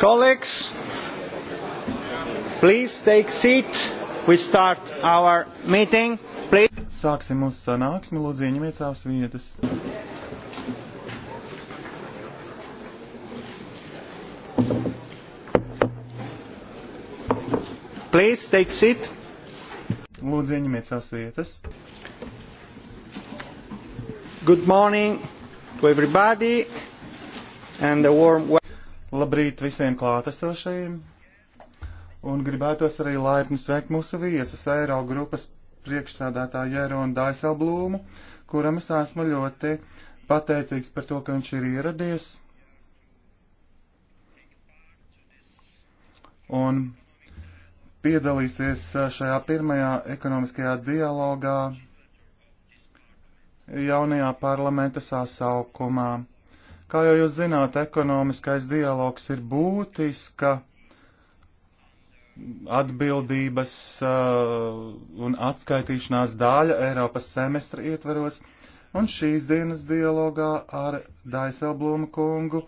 Colleagues, please take seat. We start our meeting. Please. Sāksim mūsu sanāksmi, lūdzu ieņemiet savas vietas. Please take seat. Lūdzu ieņemiet savas vietas. Good morning to everybody and a warm welcome. Labrīt visiem klātesošajiem! Un gribētos arī laipni sveikt mūsu viesus Eiro grupas priekšsādātāju Jēronu Daiselblūmu, kuram es esmu ļoti pateicīgs par to, ka viņš ir ieradies. Un piedalīsies šajā pirmajā ekonomiskajā dialogā jaunajā parlamenta sasaukumā. Kā jau jūs zināt, ekonomiskais dialogs ir būtiska atbildības uh, un atskaitīšanās daļa Eiropas semestra ietveros, un šīs dienas dialogā ar Daiselblūmu kungu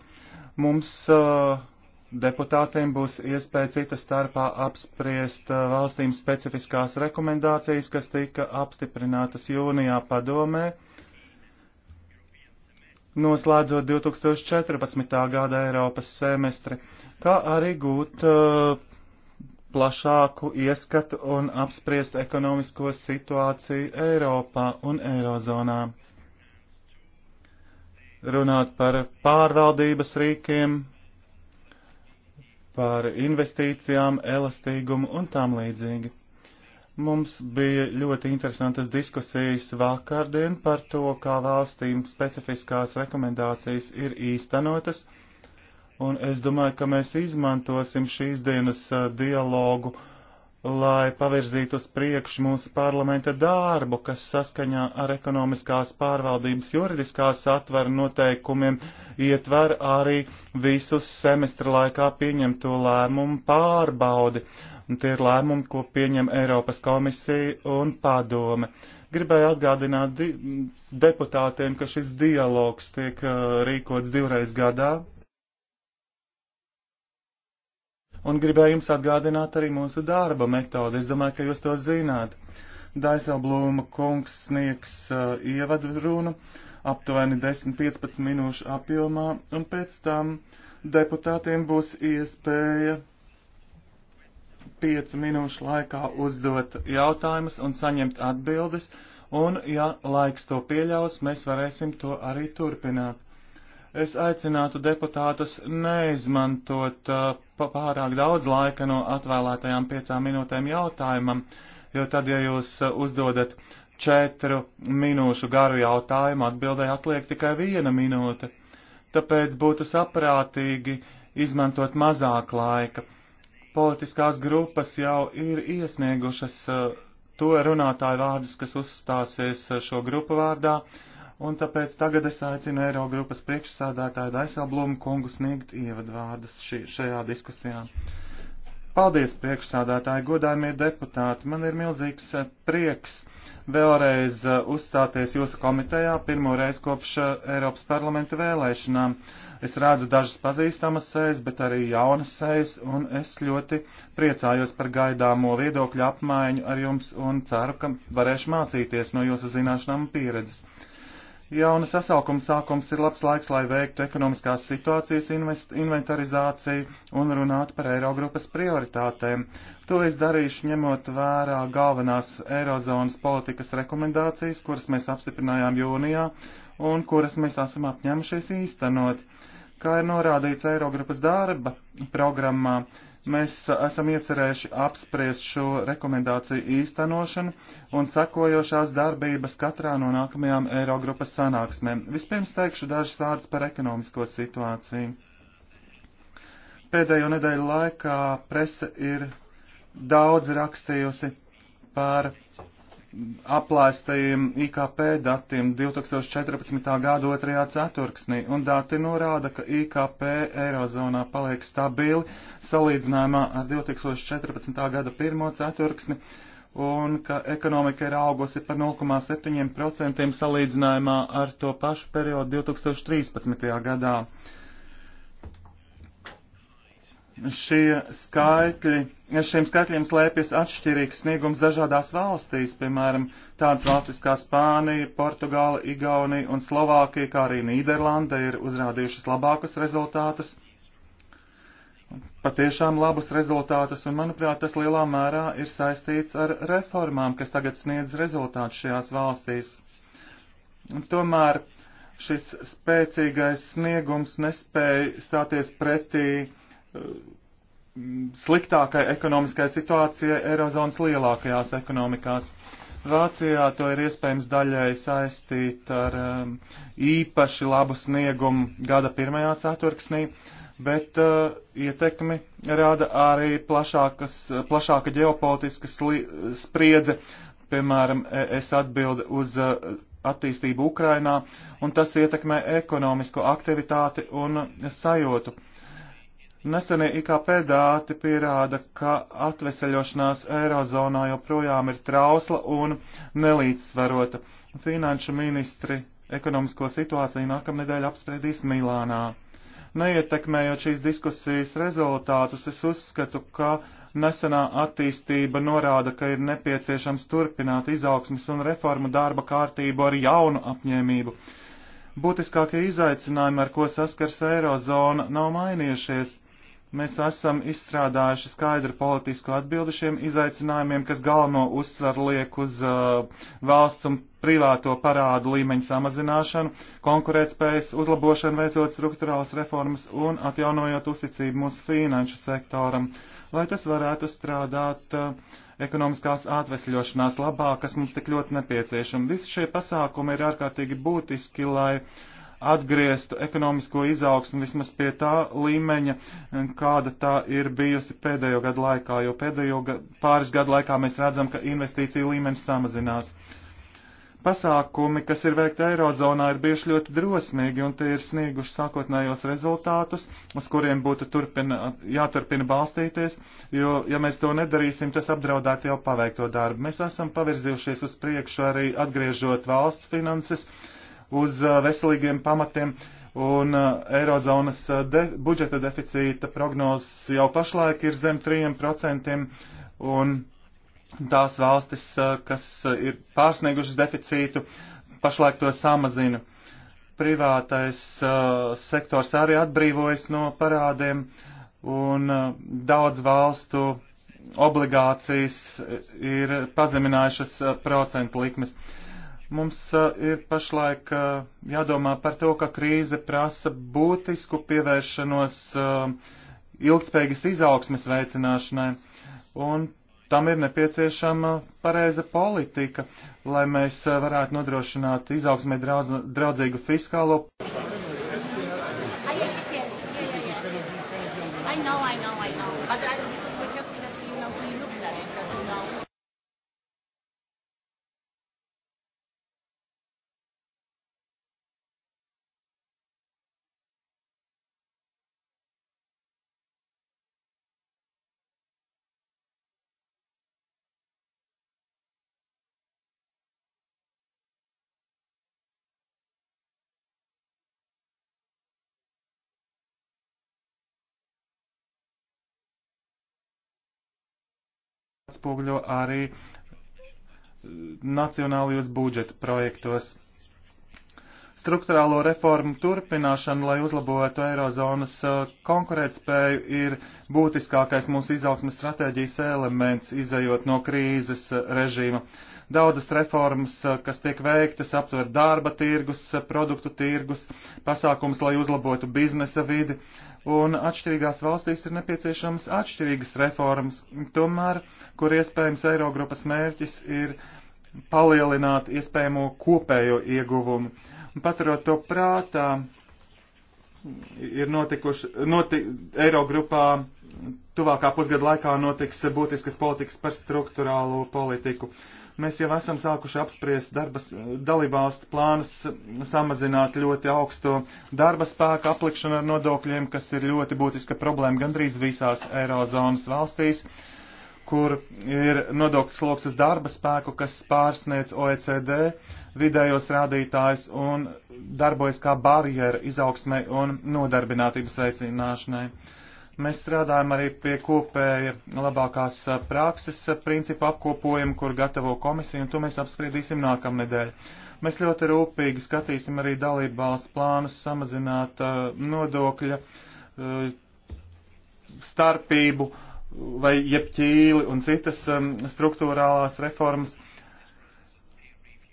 mums uh, deputātiem būs iespēja cita starpā apspriest uh, valstīm specifiskās rekomendācijas, kas tika apstiprinātas jūnijā padomē. Uh, noslēdzot 2014. gada Eiropas semestri, kā arī gūt uh, plašāku ieskatu un apspriest ekonomisko situāciju Eiropā un Eirozonā. Runāt par pārvaldības rīkiem, par investīcijām, elastīgumu un tam līdzīgi. Mums bija ļoti interesantas diskusijas vakardien par to, kā valstīm specifiskās rekomendācijas ir īstenotas, un es domāju, ka mēs izmantosim šīs dienas dialogu, lai pavirzītu uz priekšu mūsu parlamenta darbu, kas saskaņā ar ekonomiskās pārvaldības juridiskās atveru noteikumiem ietver arī visus semestra laikā pieņemto lēmumu pārbaudi. Uh, Tie ir lēmumi, ko pieņem Eiropas komisija un padome. Gribēju atgādināt di deputātiem, ka šis dialogs tiek uh, rīkots divreiz gadā. Un gribēju jums atgādināt arī mūsu darba metodi. Es domāju, ka jūs to zināt. Daiselblūma kungs sniegs uh, ievadu runu aptuveni 10-15 minūšu apjomā, un pēc tam deputātiem būs iespēja piecu minūšu laikā uzdot jautājumus un saņemt atbildes, un, ja laiks to pieļaus, mēs varēsim to arī turpināt. Es aicinātu deputātus neizmantot uh, pārāk daudz laika no atvēlētajām piecām minūtēm jautājumam, jo tad, ja jūs uh, uzdodat četru minūšu garu jautājumu, atbildēji atliek tikai viena minūte. Tāpēc būtu saprātīgi izmantot mazāk laika politiskās grupas jau ir iesniegušas eh, to runātāju vārdus, kas uzstāsies eh, šo grupu vārdā, un tāpēc tagad es aicinu Eirogrupas priekšsādātāju Daiselblumu kungu sniegt ievadvārdus šī, šajā diskusijā. Paldies, priekšsādātāji, godājumie deputāti. Man ir milzīgs eh, prieks vēlreiz uzstāties jūsu komitejā pirmo reizi kopš Eiropas parlamenta vēlēšanām. Uh, Es redzu dažas pazīstamas sejas, bet arī jaunas sejas, un es ļoti priecājos par gaidāmo viedokļu apmaiņu ar jums un ceru, ka varēšu mācīties no jūsu zināšanām un pieredzes. Jauna sasaukuma sākums ir labs laiks, lai veiktu ekonomiskās situācijas inventarizāciju un runātu par Eirogrupas prioritātēm. To es darīšu ņemot vērā galvenās Eirozonas politikas rekomendācijas, kuras mēs apstiprinājām jūnijā un kuras mēs esam apņēmušies īstenot. Kā ir norādīts Eirogrupas darba programmā, mēs esam iecerējuši apspriest šo rekomendāciju īstenošanu un sekojošās darbības katrā no nākamajām Eirogrupas sanāksmēm. Vispirms teikšu dažas vārdas par ekonomisko situāciju. Pēdējo nedēļu laikā prese ir daudz rakstījusi par aplaistajiem IKP datiem 2014. gada 2. ceturksnī, un dati norāda, ka IKP Eirozonā paliek stabili salīdzinājumā ar 2014. gada 1. ceturksni, un ka ekonomika ir augusi par 0,7% salīdzinājumā ar to pašu periodu 2013. gadā. Šie skaitļi, šiem skaitļiem slēpjas atšķirīgs sniegums dažādās valstīs, piemēram, tādas valstis kā Spānija, Portugāla, Igaunija un Slovākija, kā arī Nīderlanda ir uzrādījušas labākus rezultātus, patiešām labus rezultātus, un manuprāt, tas lielā mērā ir saistīts ar reformām, kas tagad sniedz rezultātus šajās valstīs. Un tomēr šis spēcīgais sniegums nespēja stāties pretī sliktākai ekonomiskai situācijai Eirozonas lielākajās ekonomikās. Vācijā to ir iespējams daļai saistīt ar um, īpaši labu sniegumu gada pirmajā ceturksnī, bet uh, ietekmi rada arī plašākas, plašāka ģeopolitiska spriedze, piemēram, es atbildu uz uh, attīstību Ukrainā, un tas ietekmē ekonomisko aktivitāti un sajūtu. Uh, Nesenie IKP dāti pierāda, ka atveseļošanās Eirozonā joprojām ir trausla un nelīdzsvarota. Finanšu ministri ekonomisko situāciju nākamnedēļ apspriedīs Milānā. Neietekmējot šīs diskusijas rezultātus, es uzskatu, ka nesenā attīstība norāda, ka ir nepieciešams turpināt izaugsmas un reformu darba kārtību ar jaunu apņēmību. Būtiskākie izaicinājumi, ar ko saskars Eirozona, nav mainījušies Mēs esam izstrādājuši skaidru politisku atbildi šiem izaicinājumiem, kas galveno uzsvaru liek uz uh, valsts un privāto parādu līmeņu samazināšanu, konkurētspējas uzlabošanu, veicot struktūrālas reformas un atjaunojot uzticību mūsu finanšu sektoram, lai tas varētu strādāt uh, ekonomiskās atvesļošanās labā, kas mums tik ļoti nepieciešama. Visi šie pasākumi ir ārkārtīgi būtiski, lai uh, atgrieztu ekonomisko izaugsmu vismaz pie tā līmeņa, kāda tā ir bijusi pēdējo gadu laikā, jo pēdējo ga pāris gadu laikā mēs redzam, ka investīcija līmenis samazinās. Pasākumi, kas ir veikti Eirozonā, ir bijuši ļoti drosmīgi un tie ir snieguši sākotnējos rezultātus, uz kuriem būtu turpina, jāturpina balstīties, jo, ja mēs to nedarīsim, tas apdraudētu jau paveikto darbu. Mēs esam pavirzījušies uz priekšu arī atgriežot valsts finanses, uh, uz veselīgiem pamatiem, un Eirozonas de budžeta deficīta prognozes jau pašlaik ir zem 3%, un tās valstis, kas ir pārsniegušas deficītu, pašlaik to samazina. Privātais uh, sektors arī atbrīvojas no parādiem, un uh, daudz valstu obligācijas ir pazeminājušas procentu likmes. Uh, Mums eh, ir pašlaik eh, jādomā par to, ka krīze prasa būtisku pievēršanos eh, ilgspējīgas izaugsmes veicināšanai, un tam ir nepieciešama pareiza politika, lai mēs varētu nodrošināt izaugsmē draudzīgu fiskālo. jāatspoguļo arī eh, nacionālajos budžeta projektos. Struktūrālo reformu turpināšana, lai uzlabotu Eirozonas eh, konkurētspēju, ir būtiskākais mūsu izaugsmes stratēģijas elements, izējot no krīzes eh, režīma. Uh, Daudzas reformas, eh, kas tiek veiktas, aptver darba tirgus, eh, produktu tirgus, pasākums, lai uzlabotu biznesa vidi, un atšķirīgās valstīs ir nepieciešams atšķirīgas reformas, tomēr, kur iespējams Eirogrupas mērķis ir palielināt iespējamo kopējo ieguvumu. Un paturot to prātā, ir notikuši, noti, Eirogrupā tuvākā pusgada laikā notiks būtiskas politikas par struktūrālo politiku. Mēs jau esam sākuši apspriest darbas, dalībvalstu plānus samazināt ļoti augsto darba spēku aplikšanu ar nodokļiem, kas ir ļoti būtiska problēma gandrīz visās Eirozonas valstīs kur ir nodokļu sloks uz darba spēku, kas pārsniec e OECD vidējos rādītājs un darbojas kā barjera izaugsmai un nodarbinātības veicināšanai. Uh, Mēs strādājam arī pie kopēja labākās prakses principu apkopojuma, kur gatavo komisiju, un to mēs apspriedīsim nākamnedēļ. Mēs ļoti rūpīgi skatīsim arī dalību valstu plānus samazināt uh, nodokļa uh, starpību vai jebķīli un citas um, struktūrālās reformas.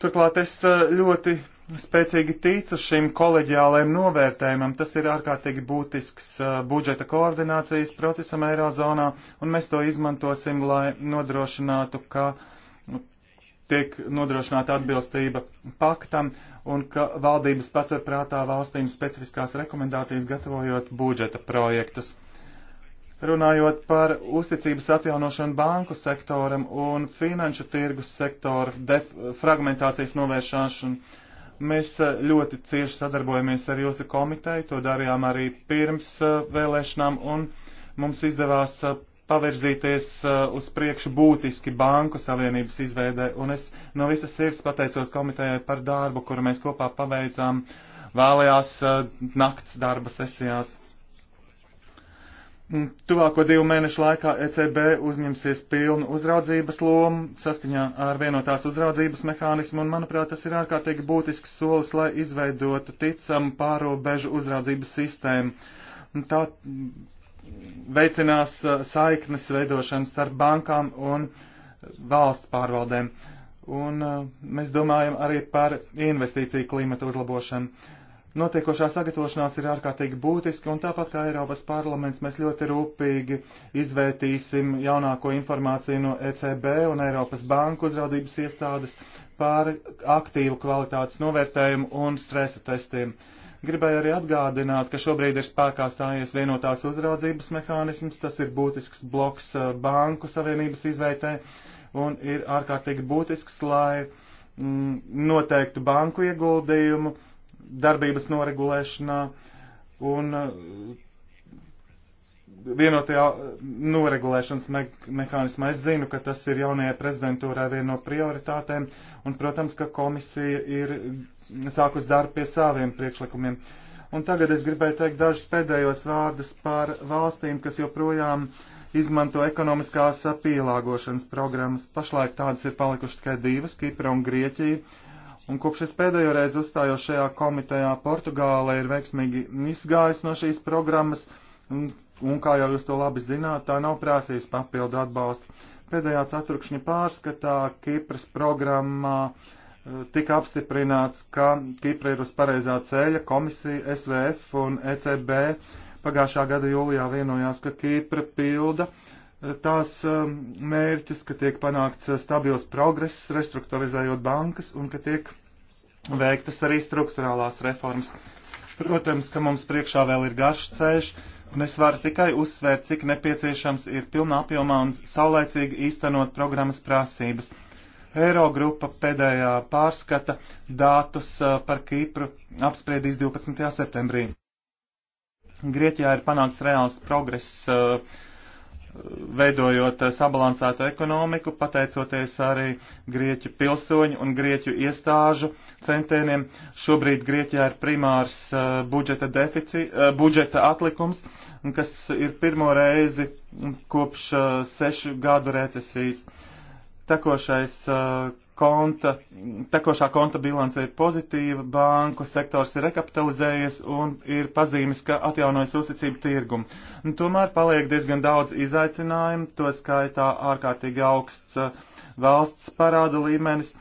Turklāt es uh, ļoti spēcīgi ticu šim koleģiālajiem novērtējumam. Tas ir ārkārtīgi būtisks budžeta koordinācijas procesam Eirozonā, un mēs to izmantosim, lai nodrošinātu, ka nu, tiek nodrošināta atbilstība paktam un ka valdības patur prātā valstīm specifiskās rekomendācijas gatavojot budžeta projektus. Runājot par uzticības atjaunošanu banku sektoram un finanšu tirgus sektoru fragmentācijas novēršanu, Mēs eh, ļoti cieši sadarbojamies ar jūsu komiteju, to darījām arī pirms eh, vēlēšanām, un mums izdevās eh, pavirzīties uz priekšu būtiski Banku Savienības izveidē, un es no visas sirds pateicos komitejai par darbu, kuru mēs kopā paveicām vēlējās nakts darba sesijās. Tuvāko divu mēnešu laikā ECB uzņemsies pilnu uzraudzības lomu saskaņā ar vienotās uzraudzības mehānismu, un, manuprāt, tas ir ārkārtīgi būtisks solis, lai izveidotu ticamu pārobežu uzraudzības sistēmu. Tā veicinās uh, saiknes veidošanu starp bankām un valsts pārvaldēm. Un uh, mēs domājam arī par investīciju klimatu uzlabošanu Notiekošā sagatavošanās ir ārkārtīgi būtiska, un tāpat kā Eiropas parlaments mēs ļoti rūpīgi izvērtīsim jaunāko informāciju no ECB un Eiropas banku uzraudzības iestādes par aktīvu kvalitātes novērtējumu un stresa testiem. Gribēju arī atgādināt, ka šobrīd ir spēkā stājies vienotās uzraudzības mehānisms, tas ir būtisks bloks eh, banku savienības izvērtē un ir ārkārtīgi būtisks, lai mm, noteiktu banku ieguldījumu darbības noregulēšanā un uh, vienotajā noregulēšanas me mehānismā. Es zinu, ka tas ir jaunajai prezidentūrai viena no prioritātēm, un, protams, ka komisija ir sākus darbu pie saviem priekšlikumiem. Un tagad es gribēju teikt dažus pēdējos vārdus par valstīm, kas joprojām izmanto ekonomiskās pielāgošanas programmas. Pašlaik tādas ir palikušas tikai divas - Kipra un Grieķija Un kopš es pēdējo reizi uzstājos šajā komitejā, Portugāla ir veiksmīgi izgājusi no šīs programmas, un, un kā jau jūs to labi zināt, tā nav prasījusi papildu atbalstu. Pēdējā ceturkšņa pārskatā Kipras programmā eh, tika apstiprināts, ka Kipra ir uz pareizā ceļa, komisija, SVF un ECB pagājušā gada jūlijā vienojās, ka Kipra pilda uh, tās um, mērķus, ka tiek panākts uh, stabils progress, restruktūrizējot bankas un ka tiek veiktas arī struktūrālās reformas. Protams, ka mums priekšā vēl ir garš ceļš, un es varu tikai uzsvērt, cik nepieciešams ir pilnā apjomā un saulēcīgi īstenot programmas prasības. Eirogrupa pēdējā pārskata datus uh, par Kīpru apspriedīs 12. septembrī. Grieķijā ir panāks reāls progress uh, veidojot eh, sabalansētu ekonomiku, pateicoties arī grieķu pilsoņu un grieķu iestāžu centieniem. Šobrīd Grieķijā ir primārs eh, budžeta, defici, eh, budžeta atlikums, kas ir pirmo reizi kopš sešu gadu recesijas. Tekošais konta, tekošā konta bilance ir pozitīva, banku sektors ir rekapitalizējies un ir pazīmes, ka atjaunojas uzticība tirgumu. Nu, tomēr paliek diezgan daudz izaicinājumu, to skaitā ārkārtīgi augsts uh, valsts parāda līmenis.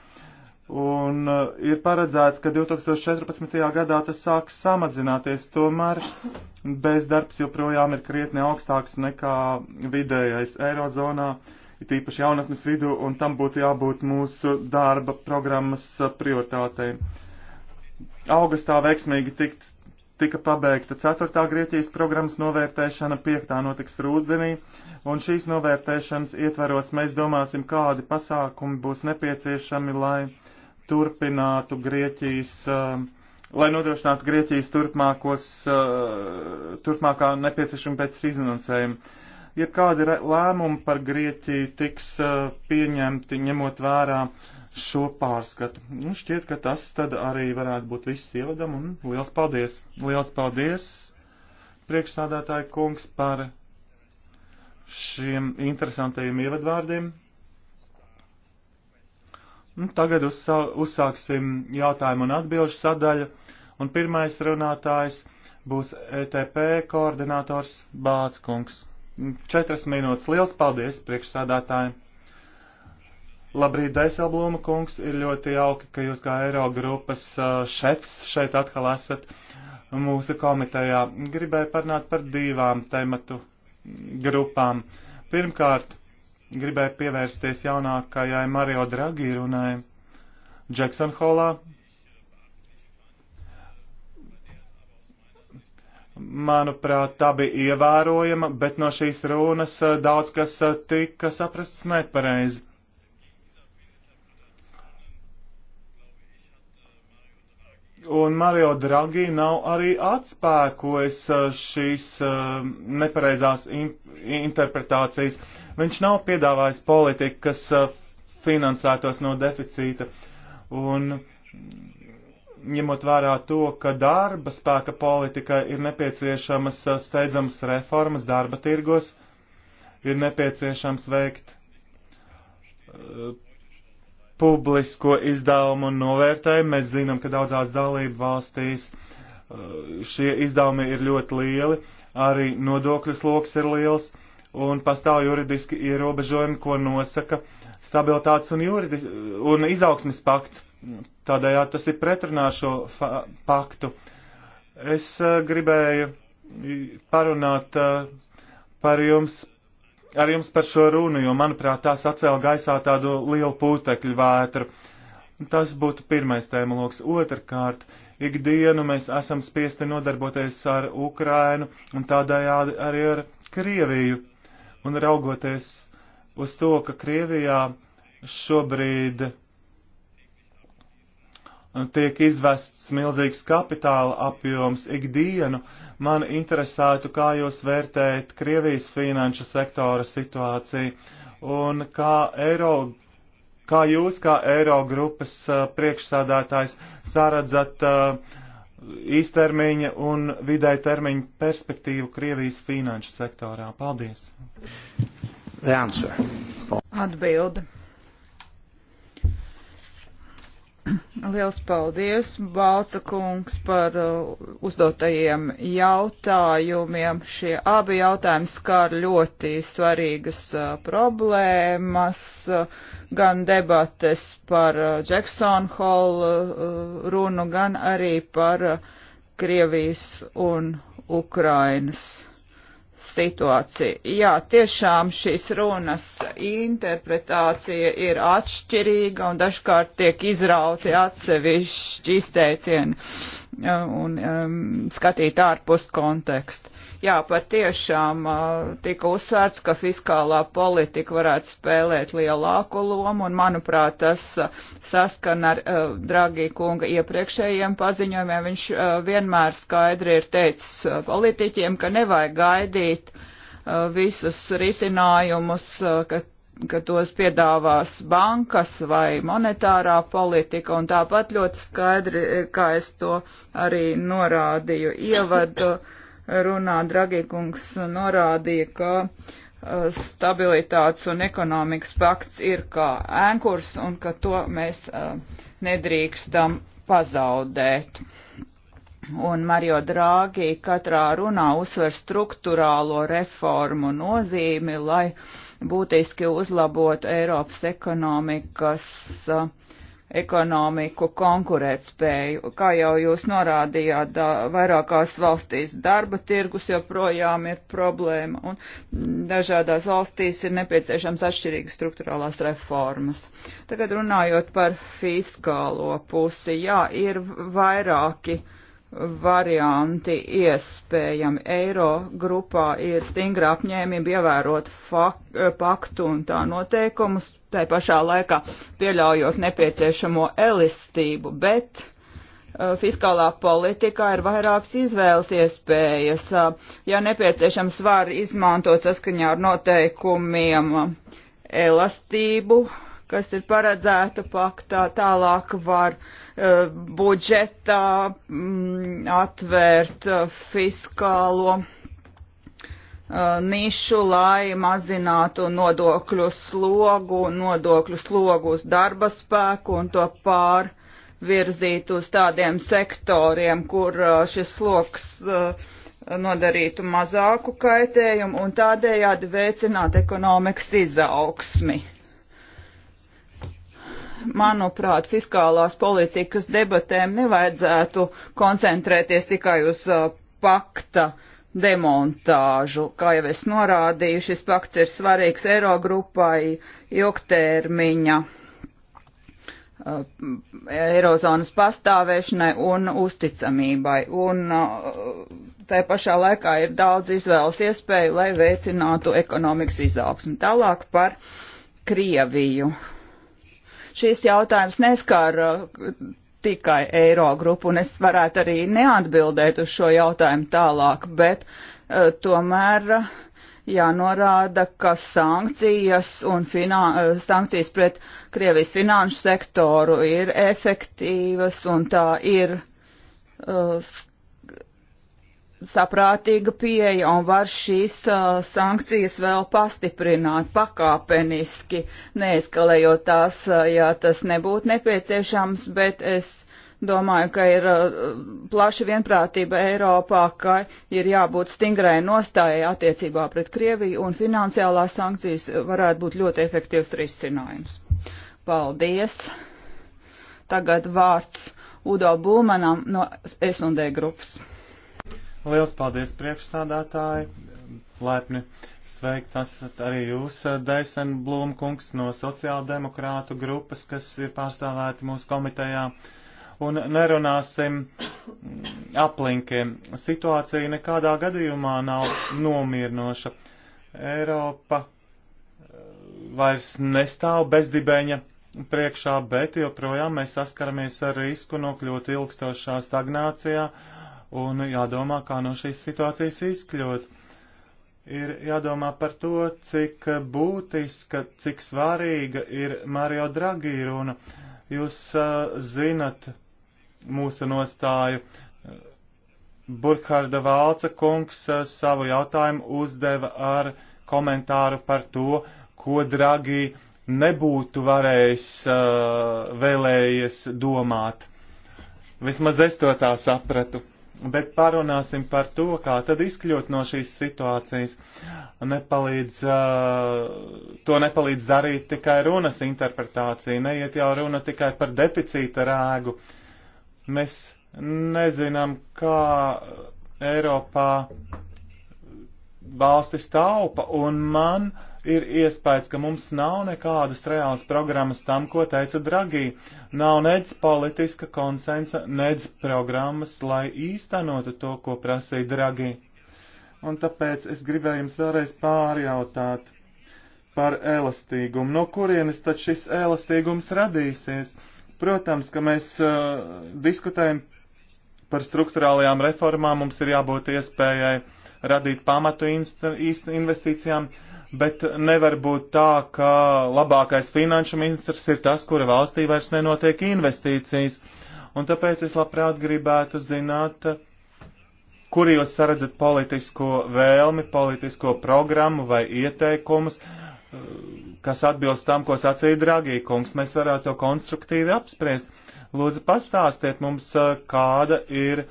Un uh, ir paredzēts, ka 2014. gadā tas sāks samazināties, tomēr bezdarbs joprojām ir krietni augstāks nekā vidējais Eirozonā. Uh, it īpaši jaunatnes vidu, un tam būtu jābūt mūsu darba programmas prioritātei. Augustā veiksmīgi tikt, tika pabeigta 4. Grieķijas programmas novērtēšana, 5. notiks rudenī, un šīs novērtēšanas ietvaros mēs domāsim, kādi pasākumi būs nepieciešami, lai turpinātu Grieķijas, lai nodrošinātu Grieķijas turpmākos, turpmākā nepieciešama pēc finansējuma ja kādi lēmumi par Grieķiju tiks eh, pieņemti ņemot vērā šo pārskatu. Nu, šķiet, ka tas tad arī varētu būt viss ievadam un liels paldies. Liels paldies, priekšsādātāji kungs, par šiem interesantajiem ievadvārdiem. Nu, tagad uzsā, uzsāksim jautājumu un atbilžu sadaļu, un pirmais runātājs būs ETP koordinators Bāckungs. Četras minūtes. Liels paldies priekšsādātājiem! Labrīt, Daiselblūma kungs, ir ļoti jauki, ka jūs kā Eiro grupas šefs šeit atkal esat mūsu komitejā. Gribēju parunāt par divām tematu grupām. Pirmkārt, gribēju pievērsties jaunākajai Mario Draghi runai Jackson Hallā, Manuprāt, tā bija ievērojama, bet no šīs runas eh, daudz kas eh, tika saprasts nepareizi. Un Mario Draghi nav arī atspēkojis eh, šīs nepareizās in interpretācijas. Viņš nav piedāvājis politiku, kas finansētos no deficīta. Un ņemot vērā to, ka darba spēka politika ir nepieciešamas steidzamas reformas darba tirgos, ir nepieciešams veikt uh, publisko izdevumu novērtējumu. Mēs zinām, ka daudzās dalību valstīs uh, šie izdevumi ir ļoti lieli, arī nodokļu sloks ir liels un pastāv juridiski ierobežojumi, ko nosaka stabilitātes un, juridi, un izaugsmes pakts Tādējādi tas ir pretrunā šo paktu. Es eh, gribēju parunāt eh, par jums, ar jums par šo runu, jo, manuprāt, tās atcēla gaisā tādu lielu putekļu vētru. Tas būtu pirmais tēma loks. Otrkārt, ikdienu mēs esam spiesti nodarboties ar Ukrainu un tādējādi arī ar Krieviju. Un raugoties uz to, ka Krievijā šobrīd tiek izvests milzīgs kapitāla apjoms ikdienu, man interesētu, kā jūs vērtējat Krievijas finanšu sektora situāciju un kā Eiro, kā jūs kā Eiro grupas priekšsādātājs saredzat īstermiņa un vidē termiņa perspektīvu Krievijas finanšu sektorā. Paldies! The answer. Atbilde. Liels paldies, Balca kungs, par uh, uzdotajiem jautājumiem. Šie abi jautājumi skār ļoti svarīgas uh, problēmas, uh, gan debates par Jackson Hall runu, gan arī par Krievijas un Ukrainas situāciju. Jā, tiešām šīs runas interpretācija ir atšķirīga un dažkārt tiek izrauti atsevišķi izteicieni uh, un um, skatīt ārpus kontekstu. Jā, pat tiešām tika uzsvērts, ka fiskālā politika varētu spēlēt lielāku lomu, un manuprāt, tas saskan ar uh, Dragī kunga iepriekšējiem paziņojumiem. Viņš uh, vienmēr skaidri ir teicis politiķiem, ka nevajag gaidīt uh, visus risinājumus, ka ka tos piedāvās bankas vai monetārā politika, un tāpat ļoti skaidri, kā es to arī norādīju ievadu runā Dragīkungs norādīja, ka stabilitātes un ekonomikas pakts ir kā ēnkurs un ka to mēs nedrīkstam pazaudēt. Un Mario Draghi katrā runā uzsver struktūrālo reformu nozīmi, lai būtiski uzlabotu Eiropas ekonomikas uh, ekonomiku konkurētspēju. Kā jau jūs norādījāt, vairākās valstīs darba tirgus joprojām ir problēma, un dažādās valstīs ir nepieciešams atšķirīgas struktūrālās reformas. Tagad runājot par fiskālo pusi, jā, ir vairāki varianti iespējami. Eiro grupā ir stingra apņēmība ievērot faktu un tā noteikumus, tai pašā laikā pieļaujot nepieciešamo elastību, bet uh, fiskālā politikā ir vairākas izvēles iespējas. Uh, ja nepieciešams, var izmantot saskaņā ar noteikumiem elastību, kas ir paredzēta paktā, tālāk var uh, budžetā mm, atvērt fiskālo Uh, nišu, lai mazinātu nodokļu slogu, nodokļu slogu uz darba spēku un to pārvirzītu uz tādiem sektoriem, kur uh, šis sloks uh, nodarītu mazāku kaitējumu un tādējādi veicinātu ekonomikas izaugsmi. Manuprāt, fiskālās politikas debatēm nevajadzētu koncentrēties tikai uz pakta uh, demontāžu. Kā jau es norādīju, šis pakts ir svarīgs Eirogrupai ilgtermiņa eh, Eirozonas pastāvēšanai un uzticamībai. Un eh, tā pašā laikā ir daudz izvēles iespēju, lai veicinātu ekonomikas izaugsmu. Tālāk par Krieviju. Šīs jautājums neskar eh, tikai Eirogrupu, un es varētu arī neatbildēt uz šo jautājumu tālāk, bet uh, tomēr uh, jānorāda, ka sankcijas un finā, eh, sankcijas pret Krievijas finanšu sektoru ir efektīvas un tā ir uh, saprātīga pieeja un var šīs uh, sankcijas vēl pastiprināt pakāpeniski, neeskalējot tās, uh, ja tas nebūtu nepieciešams, bet es domāju, ka ir uh, plaša vienprātība Eiropā, ka ir jābūt stingrai nostājai attiecībā pret Krieviju un finansiālās sankcijas varētu būt ļoti efektīvs risinājums. Paldies! Tagad vārds Udo Bulmanam no S&D grupas. Liels paldies priekšsādātāji, laipni sveikts esat arī jūs, Deisen Blūmkungs no sociāldemokrātu grupas, kas ir pārstāvēti mūsu komitejā. Un nerunāsim aplinkiem. Situācija nekādā gadījumā nav nomierinoša. Eiropa eh, vairs nestāv bezdibēņa priekšā, bet joprojām mēs saskaramies ar risku nokļūt ilgstošā stagnācijā un jādomā, kā no šīs situācijas izkļūt. Ir jādomā par to, cik būtiska, cik svarīga ir Mario Draghi runa. Jūs uh, zinat mūsu nostāju. Burkharda Valca kungs uh, savu jautājumu uzdeva ar komentāru par to, ko Draghi nebūtu varējis uh, vēlējies domāt. Vismaz es to tā sapratu bet parunāsim par to, kā tad izkļūt no šīs situācijas. Nepalīdz, uh, to nepalīdz darīt tikai runas interpretācija, neiet jau runa tikai par deficīta rēgu. Mēs nezinām, kā Eiropā valstis taupa, un man uh, ir iespējas, ka mums nav nekādas reālas programmas tam, ko teica Dragī. Nav nedz politiska konsensa, nedz programmas, lai īstenotu to, ko prasīja Dragī. Un tāpēc es gribēju jums vēlreiz pārjautāt par elastīgumu. No kurienes tad šis elastīgums radīsies? Protams, ka mēs uh, diskutējam par struktūrālajām reformām, mums ir jābūt iespējai radīt pamatu investīcijām. Uh, bet nevar būt tā, ka labākais finanšu ministrs ir tas, kura valstī vairs nenotiek investīcijas. Un tāpēc es labprāt gribētu zināt, kur jūs saredzat politisko vēlmi, politisko programmu vai ieteikumus, kas atbilst tam, ko sacīja Dragīkungs. Mēs varētu to konstruktīvi apspriest. Lūdzu, pastāstiet mums, kāda ir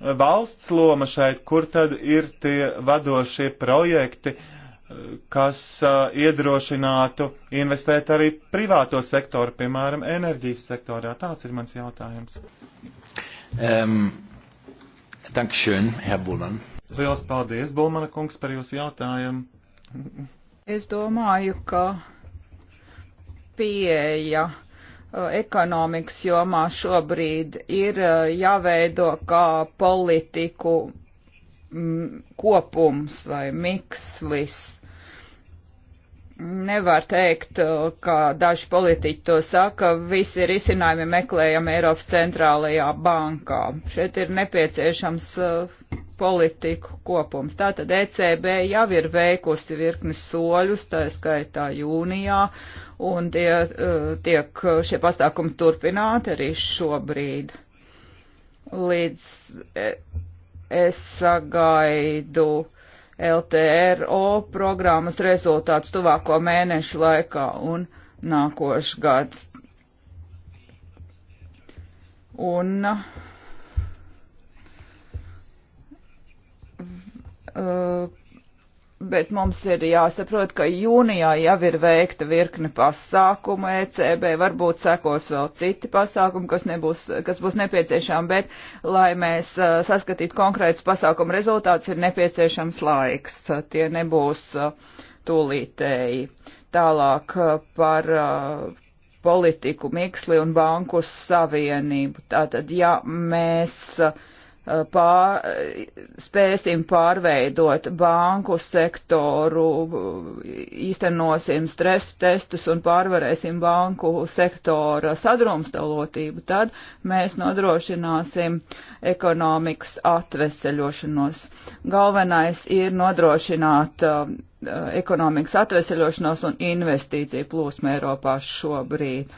valsts loma šeit, kur tad ir tie vadošie projekti, uh, kas iedrošinātu investēt arī privāto sektoru, piemēram, enerģijas sektorā? Tāds ir mans jautājums. Um, ehm, Dankšön, Herr Bulman. Lielas paldies, Bulmana kungs, par jūsu jautājumu. Es domāju, ka pieeja ekonomikas jomā šobrīd ir jāveido kā politiku kopums vai mikslis nevar teikt, uh, kā daži politiķi to saka, visi risinājumi meklējam Eiropas centrālajā bankā. Šeit ir nepieciešams uh, politiku kopums. Tātad ECB jau ir veikusi virkni soļus, tā skaitā jūnijā, un tie, uh, tiek šie pasākumi turpināti arī šobrīd. Līdz e, es sagaidu LTRO programmas rezultātus tuvāko mēnešu laikā un nākošu gads. Un uh, Bet mums ir jāsaprot, ka jūnijā jau ir veikta virkne pasākumu ECB, varbūt sekos vēl citi pasākumi, kas, nebūs, kas būs nepieciešami, bet, lai mēs uh, saskatītu konkrētus pasākumu rezultātus, ir nepieciešams laiks. Tie nebūs uh, tūlītēji. Tālāk uh, par politiku miksli un banku savienību. Tātad, ja mēs uh, pār, spēsim pārveidot banku sektoru, īstenosim stresa testus un pārvarēsim banku sektora sadrumstalotību, tad mēs nodrošināsim ekonomikas atveseļošanos. Galvenais ir nodrošināt uh, ekonomikas atveseļošanos un investīciju plūsmu Eiropā šobrīd.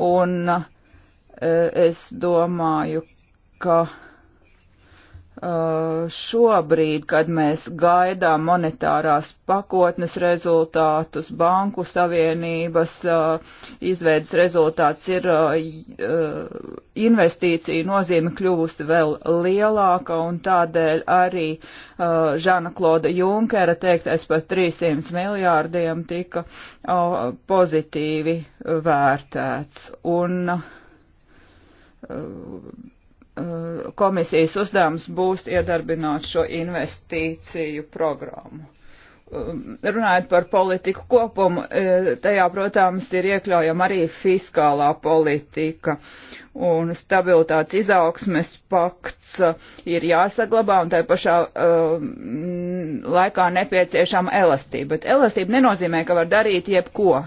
Un uh, es domāju, ka uh, Uh, šobrīd, kad mēs gaidām monetārās pakotnes rezultātus, banku savienības uh, izveidas rezultāts, ir uh, investīcija nozīme kļuvusi vēl lielāka un tādēļ arī Žana Kloda Junkera teiktais par 300 miljārdiem tika pozitīvi vērtēts. Un, Eh, komisijas uzdevums būs iedarbināt šo investīciju programmu. Um, runājot par politiku kopumu, eh, tajā, protams, ir iekļaujama arī fiskālā politika, un stabilitātes izaugsmes pakts eh, ir jāsaglabā, un tai pašā mm, laikā nepieciešama elastība. Bet elastība nenozīmē, ka var darīt jebko.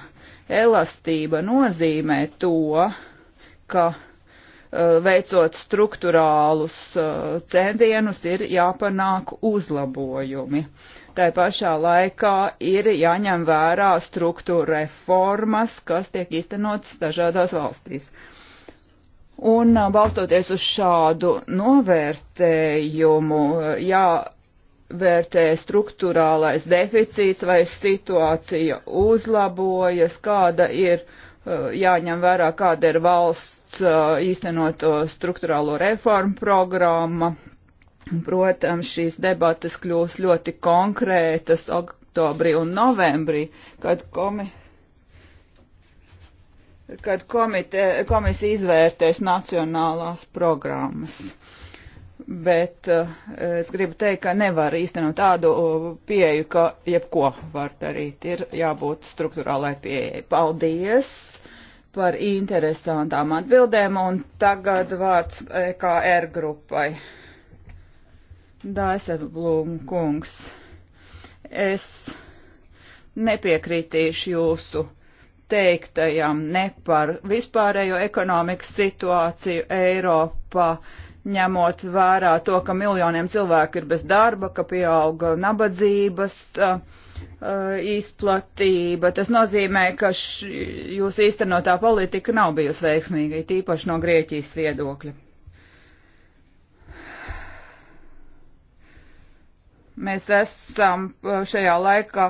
Elastība nozīmē to, ka Eh, veicot struktūrālus eh, centienus, ir jāpanāk uzlabojumi. Tā pašā laikā ir jāņem vērā struktūra reformas, kas tiek īstenotas dažādās valstīs. Un eh, balstoties uz šādu novērtējumu, jāvērtē struktūrālais deficīts vai situācija uzlabojas, kāda ir uh, Eh, jāņem vērā, kāda ir valsts eh, īstenoto struktūrālo reformu programma. Protams, šīs debatas kļūs ļoti konkrētas oktobrī un novembrī, kad, komi, kad komite, komisija izvērtēs nacionālās programmas. Bet eh, es gribu teikt, ka nevar īstenot tādu pieeju, ka jebko var darīt. Ir jābūt struktūrālai pieejai. Paldies! par interesantām atbildēm, un tagad vārds EKR grupai. Daiseblūm kungs, es nepiekritīšu jūsu teiktajam ne par vispārējo ekonomikas situāciju Eiropā, ņemot vērā to, ka miljoniem cilvēku ir bez darba, ka pieauga nabadzības. Uh, Uh, izplatība. Tas nozīmē, ka jūsu īstenotā politika nav bijusi veiksmīga, tīpaši no Grieķijas viedokļa. Mēs esam uh, šajā laikā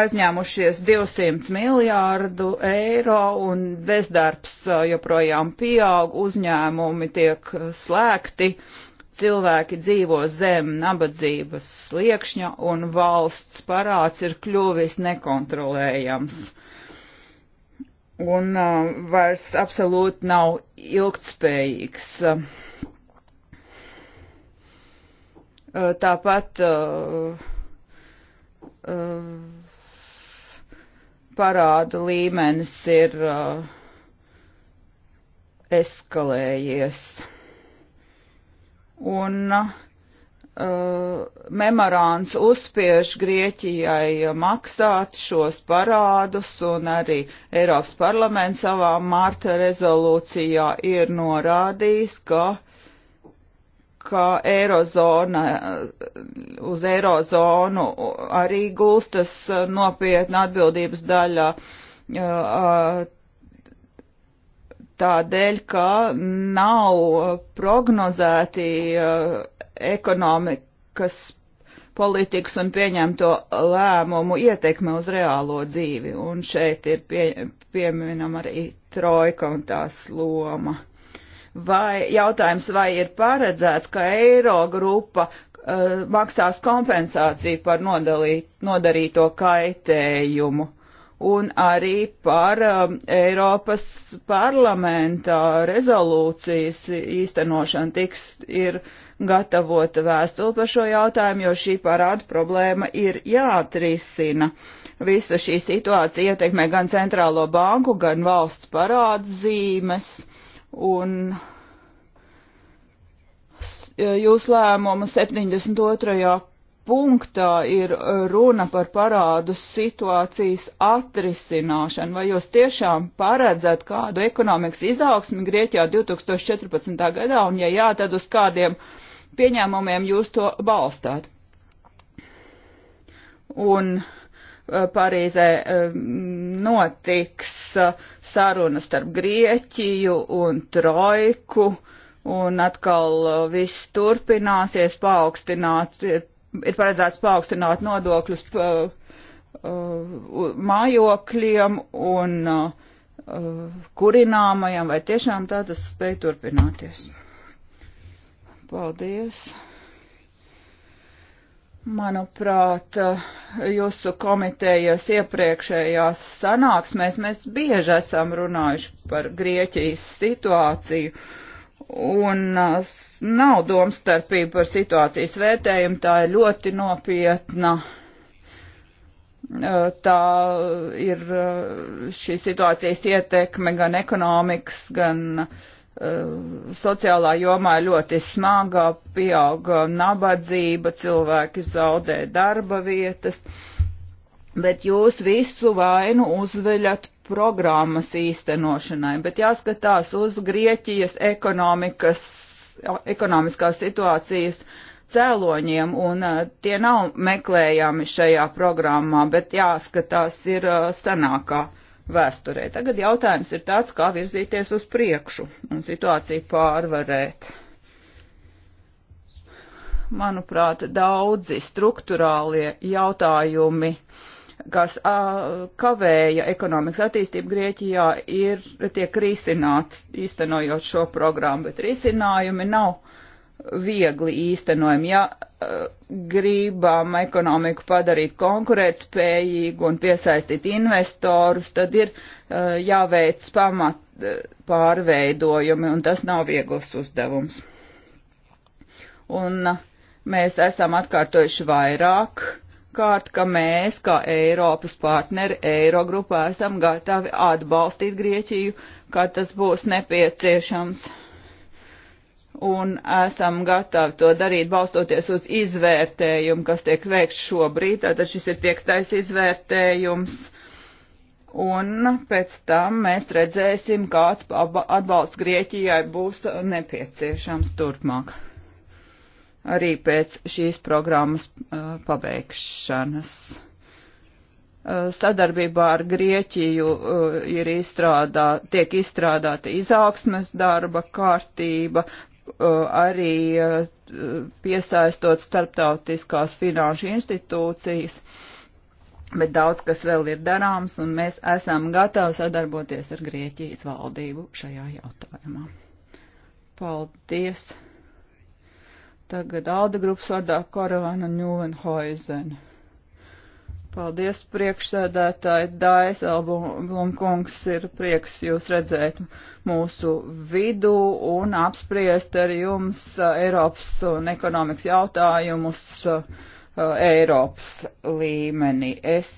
aizņēmušies 200 miljārdu eiro un bezdarbs uh, joprojām pieaug, uzņēmumi tiek slēgti. Uh, cilvēki dzīvo zem nabadzības sliekšņa un valsts parāds ir kļuvis nekontrolējams. Un uh, vairs absolūti nav ilgtspējīgs. Uh, tāpat uh, uh, parādu līmenis ir uh, eskalējies un uh, memorāns uzspiež Grieķijai maksāt šos parādus, un arī Eiropas parlaments savā mārta rezolūcijā ir norādījis, ka ka eirozona, uh, uz eirozonu arī gulstas nopietna atbildības daļa uh, tādēļ, ka nav prognozēti eh, ekonomikas politikas un pieņemto lēmumu ietekme uz reālo dzīvi. Un šeit ir pie, pieminam arī trojka un tās loma. Vai jautājums, vai ir paredzēts, ka eiro grupa uh, eh, maksās kompensāciju par nodalīt, nodarīto kaitējumu? un arī par um, Eiropas parlamentā rezolūcijas īstenošanu tiks ir gatavota vēstule par šo jautājumu, jo šī parāda problēma ir jāatrisina. Visa šī situācija ietekmē gan centrālo banku, gan valsts parādzīmes un jūs lēmumu 72 punktā ir uh, runa par parādu situācijas atrisināšanu. Vai jūs tiešām paredzat kādu ekonomikas izaugsmi Grieķijā 2014. gadā, un ja jā, tad uz kādiem pieņēmumiem jūs to balstāt? Un uh, Parīzē um, notiks uh, sarunas starp Grieķiju un Trojku, un atkal viss turpināsies, paaugstināsies ir paredzēts paaugstināt nodokļus pa, uh, mājokļiem un uh, kurināmajam, vai tiešām tā tas spēj turpināties. Paldies! Manuprāt, uh, jūsu komitejas iepriekšējās sanāksmēs mēs bieži esam runājuši par Grieķijas situāciju Un uh, nav domstarpība par situācijas vērtējumu, tā ir ļoti nopietna. Uh, tā ir uh, šī situācijas ietekme gan ekonomikas, gan uh, sociālā jomā ir ļoti smagā, pieauga nabadzība, cilvēki zaudē darba vietas, bet jūs visu vainu uzveļat programmas īstenošanai, bet jāskatās uz Grieķijas ekonomikas, ekonomiskās situācijas cēloņiem, un uh, tie nav meklējami šajā programmā, bet jāskatās ir uh, senākā vēsturē. Tagad jautājums ir tāds, kā virzīties uz priekšu un situāciju pārvarēt. Manuprāt, daudzi struktūrālie jautājumi uh, kas kavēja ekonomikas attīstību Grieķijā, ir tiek risināts īstenojot šo programmu, bet risinājumi nav viegli īstenojami. Ja gribam ekonomiku padarīt konkurētspējīgu un piesaistīt investorus, tad ir jāveic pamat pārveidojumi, un tas nav viegls uzdevums. Un mēs esam atkārtojuši vairāk Pirmkārt, ka mēs, kā Eiropas partneri, Eirogrupā esam gatavi atbalstīt Grieķiju, kad tas būs nepieciešams. Un esam gatavi to darīt, balstoties uz izvērtējumu, kas tiek veikts šobrīd. Tātad šis ir piektais izvērtējums. Un pēc tam mēs redzēsim, kāds atbalsts Grieķijai būs nepieciešams turpmāk arī pēc šīs programmas uh, pabeigšanas. Uh, sadarbībā ar Grieķiju uh, ir izstrādā, tiek izstrādāta izaugsmes darba kārtība, uh, arī uh, piesaistot starptautiskās finanšu institūcijas, bet daudz kas vēl ir darāms, un mēs esam gatavi sadarboties ar Grieķijas valdību šajā jautājumā. Paldies! Tagad Alda grupas vārdā Karavana Ņūvenhoizen. Paldies, priekšsēdētāji Daiselblum kungs, ir prieks jūs redzēt mūsu vidu un apspriest ar jums uh, Eiropas un ekonomikas jautājumus uh, Eiropas līmenī. Es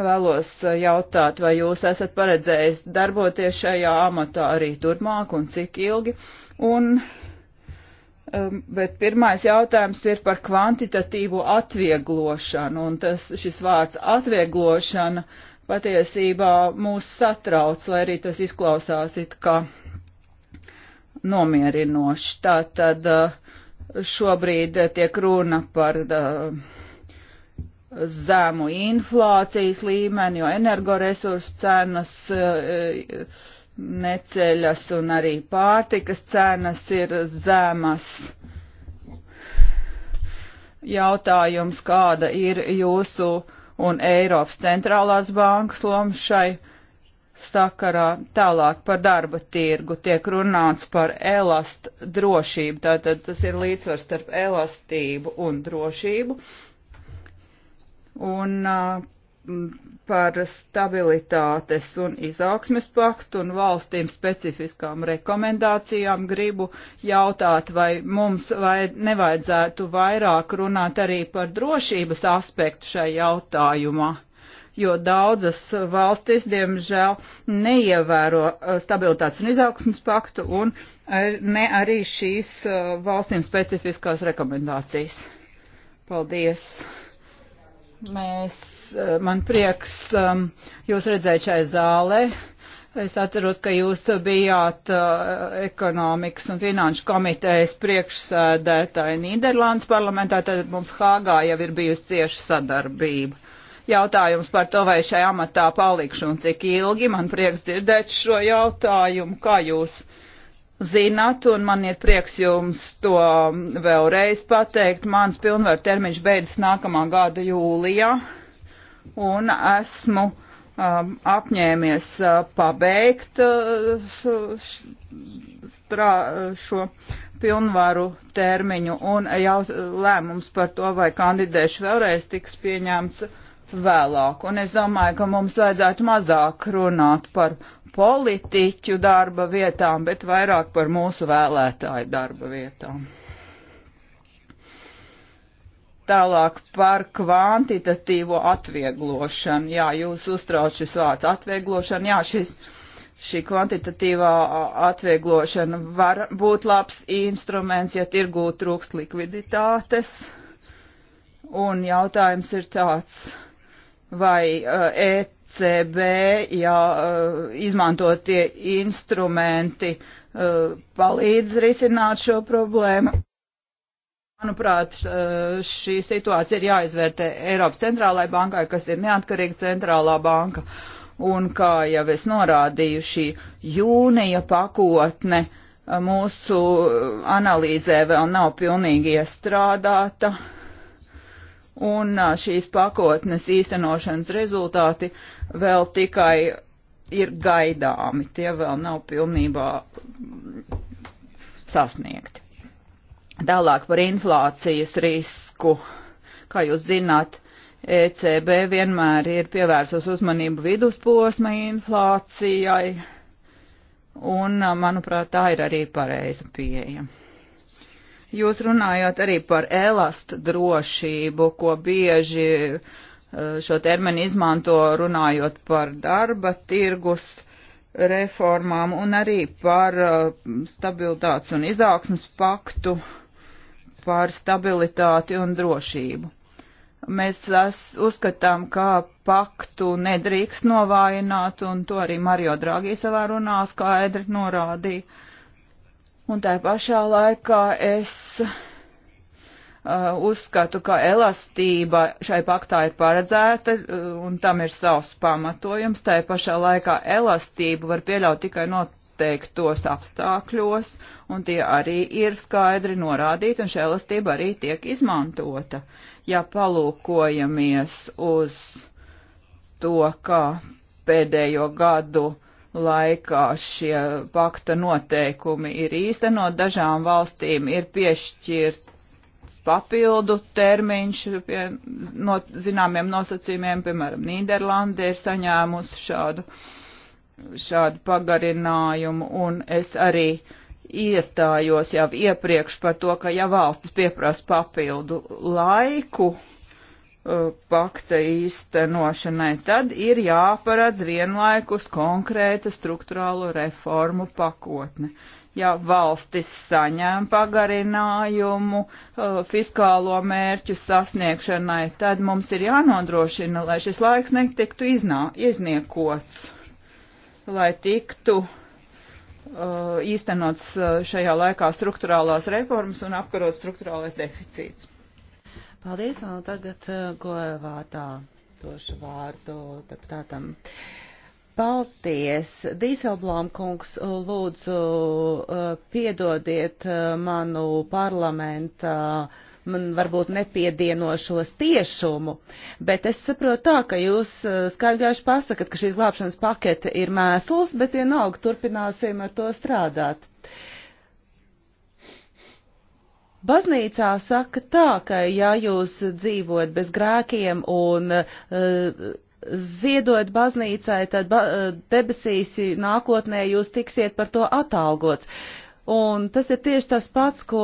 vēlos uh, jautāt, vai jūs esat paredzējis darboties šajā amatā arī turpmāk un cik ilgi. Un Um, bet pirmais jautājums ir par kvantitatīvu atvieglošanu, un tas, šis vārds atvieglošana patiesībā mūs satrauc, lai arī tas izklausās it kā nomierinoši. Tātad uh, šobrīd tiek runa par uh, zēmu inflācijas līmeni, jo energoresursu cenas uh, neceļas un arī pārtikas cenas ir zemas. Jautājums, kāda ir jūsu un Eiropas centrālās bankas loma šai sakarā tālāk par darba tirgu tiek runāts par elast drošību, tātad tas ir līdzsvars starp elastību un drošību. Un uh, par stabilitātes un izaugsmes paktu un valstīm specifiskām rekomendācijām gribu jautāt, vai mums vai nevajadzētu vairāk runāt arī par drošības aspektu šai jautājumā, jo daudzas valstis, diemžēl, neievēro uh, stabilitātes un izaugsmes paktu un uh, ne arī šīs uh, valstīm specifiskās rekomendācijas. Paldies! Mēs, eh, man prieks um, jūs redzēt šai zālē. Es atceros, ka jūs bijāt uh, ekonomikas un finanšu komitejas priekšsēdētāji Nīderlandes parlamentā, tad mums Hāgā jau ir bijusi cieša sadarbība. Jautājums par to, vai šajā amatā palikšu un cik ilgi, man prieks dzirdēt šo jautājumu, kā jūs uh, zināt, un man ir prieks jums to vēlreiz pateikt. Mans pilnvaru termiņš beidzas nākamā gada jūlijā, un esmu um, apņēmies uh, pabeigt uh, strā, šo pilnvaru termiņu, un jau lēmums par to, vai kandidēšu vēlreiz tiks pieņemts vēlāk. Un es domāju, ka mums vajadzētu mazāk runāt par politiķu darba vietām, bet vairāk par mūsu vēlētāju darba vietām. Tālāk par kvantitatīvo atvieglošanu. Jā, jūs uztrauc šis vārds atvieglošana. Jā, šis, šī kvantitatīvā atvieglošana var būt labs instruments, ja tirgū trūkst likviditātes. Un jautājums ir tāds, vai uh, et ECB, ja e, izmantotie instrumenti e, palīdz risināt šo problēmu. Manuprāt, e, šī situācija ir jāizvērtē Eiropas centrālai bankai, kas ir neatkarīga centrālā banka. Un kā jau es norādīju, šī jūnija pakotne mūsu analīzē vēl nav pilnīgi iestrādāta. Uh, un šīs pakotnes īstenošanas rezultāti vēl tikai ir gaidāmi, tie vēl nav pilnībā sasniegti. Tālāk par inflācijas risku. Kā jūs zināt, ECB vienmēr ir pievērsus uzmanību vidusposma inflācijai, un, manuprāt, tā ir arī pareiza pieeja. Jūs runājāt arī par elast drošību, ko bieži eh, šo terminu izmanto runājot par darba tirgus reformām un arī par eh, stabilitātes un izaugsmas paktu, par stabilitāti un drošību. Mēs uzskatām, ka paktu nedrīkst novājināt, un to arī Mario Dragī savā runā skaidri norādīja un tā pašā laikā es uh, uzskatu, ka elastība šai paktā ir paredzēta uh, un tam ir savs pamatojums. Tā pašā laikā elastību var pieļaut tikai noteiktos apstākļos, un tie arī ir skaidri norādīti, un šī elastība arī tiek izmantota. Ja palūkojamies uz to, kā pēdējo gadu uh, laikā šie pakta noteikumi ir īstenot. Dažām valstīm ir piešķirt papildu termiņš pie no, zināmiem nosacījumiem, piemēram, Nīderlanda ir saņēmusi šādu, šādu pagarinājumu, un es arī iestājos jau iepriekš par to, ka ja valstis pieprasa papildu laiku, pakta īstenošanai, tad ir jāparedz vienlaikus konkrēta struktūrālo reformu pakotne. Ja valstis saņem pagarinājumu uh, fiskālo mērķu sasniegšanai, tad mums ir jānodrošina, lai šis laiks netiktu iznā, izniekots, lai tiktu uh, īstenots uh, šajā laikā struktūrālās reformas un apkarot struktūrālais deficīts. Paldies, un tagad eh, goja vārdā došu vārdu deputātam. Paldies! Dīselblām kungs, lūdzu, eh, piedodiet eh, manu parlamenta man varbūt nepiedienošos tiešumu, bet es saprotu tā, ka jūs skaidrāši pasakat, ka šī glābšanas pakete ir mēsls, bet vienalga turpināsim ar to strādāt. Uh, Baznīcā saka tā, ka ja jūs dzīvojat bez grēkiem un uh, ziedot baznīcai, tad ba eh, debesīs nākotnē jūs tiksiet par to atalgots. Un tas ir tieši tas pats, ko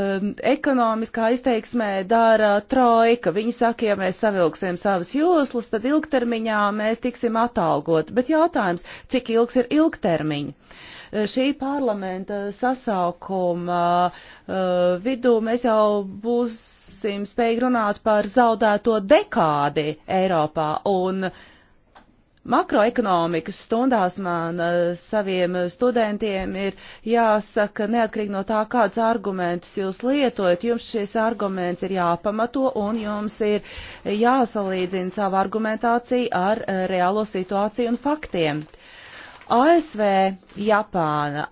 um, ekonomiskā izteiksmē dara trojka. Viņi saka, ja mēs savilksim savas jūslas, tad ilgtermiņā mēs tiksim atalgot. Bet jautājums, cik ilgs ir ilgtermiņa? šī parlamenta sasaukuma uh, vidū mēs jau būsim spējīgi runāt par zaudēto dekādi Eiropā. Un makroekonomikas stundās man uh, saviem studentiem ir jāsaka, neatkarīgi no tā, kādus argumentus jūs lietojat, jums šis arguments ir jāpamato un jums ir jāsalīdzina savu argumentāciju ar uh, reālo situāciju un faktiem. ASV, Japāna,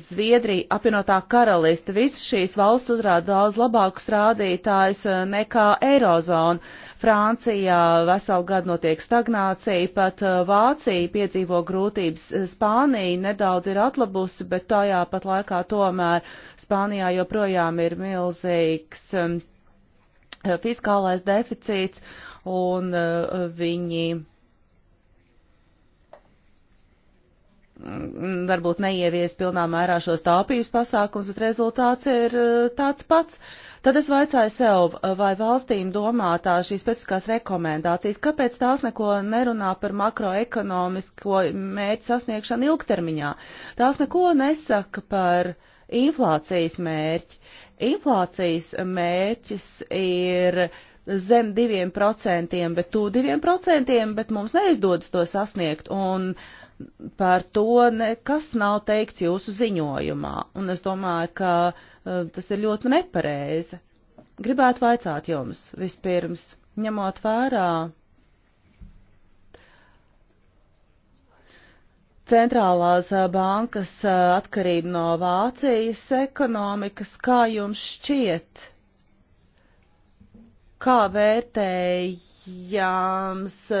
Zviedrija, apvienotā karaliste, visas šīs valsts uzrāda daudz labākus rādītājus eh, nekā Eirozona. Francijā veselu gadu notiek stagnācija, pat eh, Vācija piedzīvo grūtības. Spānija nedaudz ir atlabusi, bet tajā pat laikā tomēr Spānijā joprojām ir milzīgs eh, fiskālais deficīts un viņi varbūt neievies pilnā mērā šos tāpījus pasākums, bet rezultāts ir e, tāds pats. Tad es vaicāju sev, e, vai valstīm domātā šīs specifiskās rekomendācijas, kāpēc tās neko nerunā par makroekonomisko mērķu sasniegšanu ilgtermiņā. Tās neko nesaka par inflācijas mērķi. Inflācijas mērķis ir zem diviem procentiem, bet tū diviem procentiem, bet mums neizdodas to sasniegt. Un uh, par to nekas nav teikts jūsu ziņojumā, un es domāju, ka e, tas ir ļoti nepareizi. Gribētu vaicāt jums vispirms, ņemot vērā centrālās bankas atkarību no Vācijas ekonomikas, kā jums šķiet, kā vērtējams e,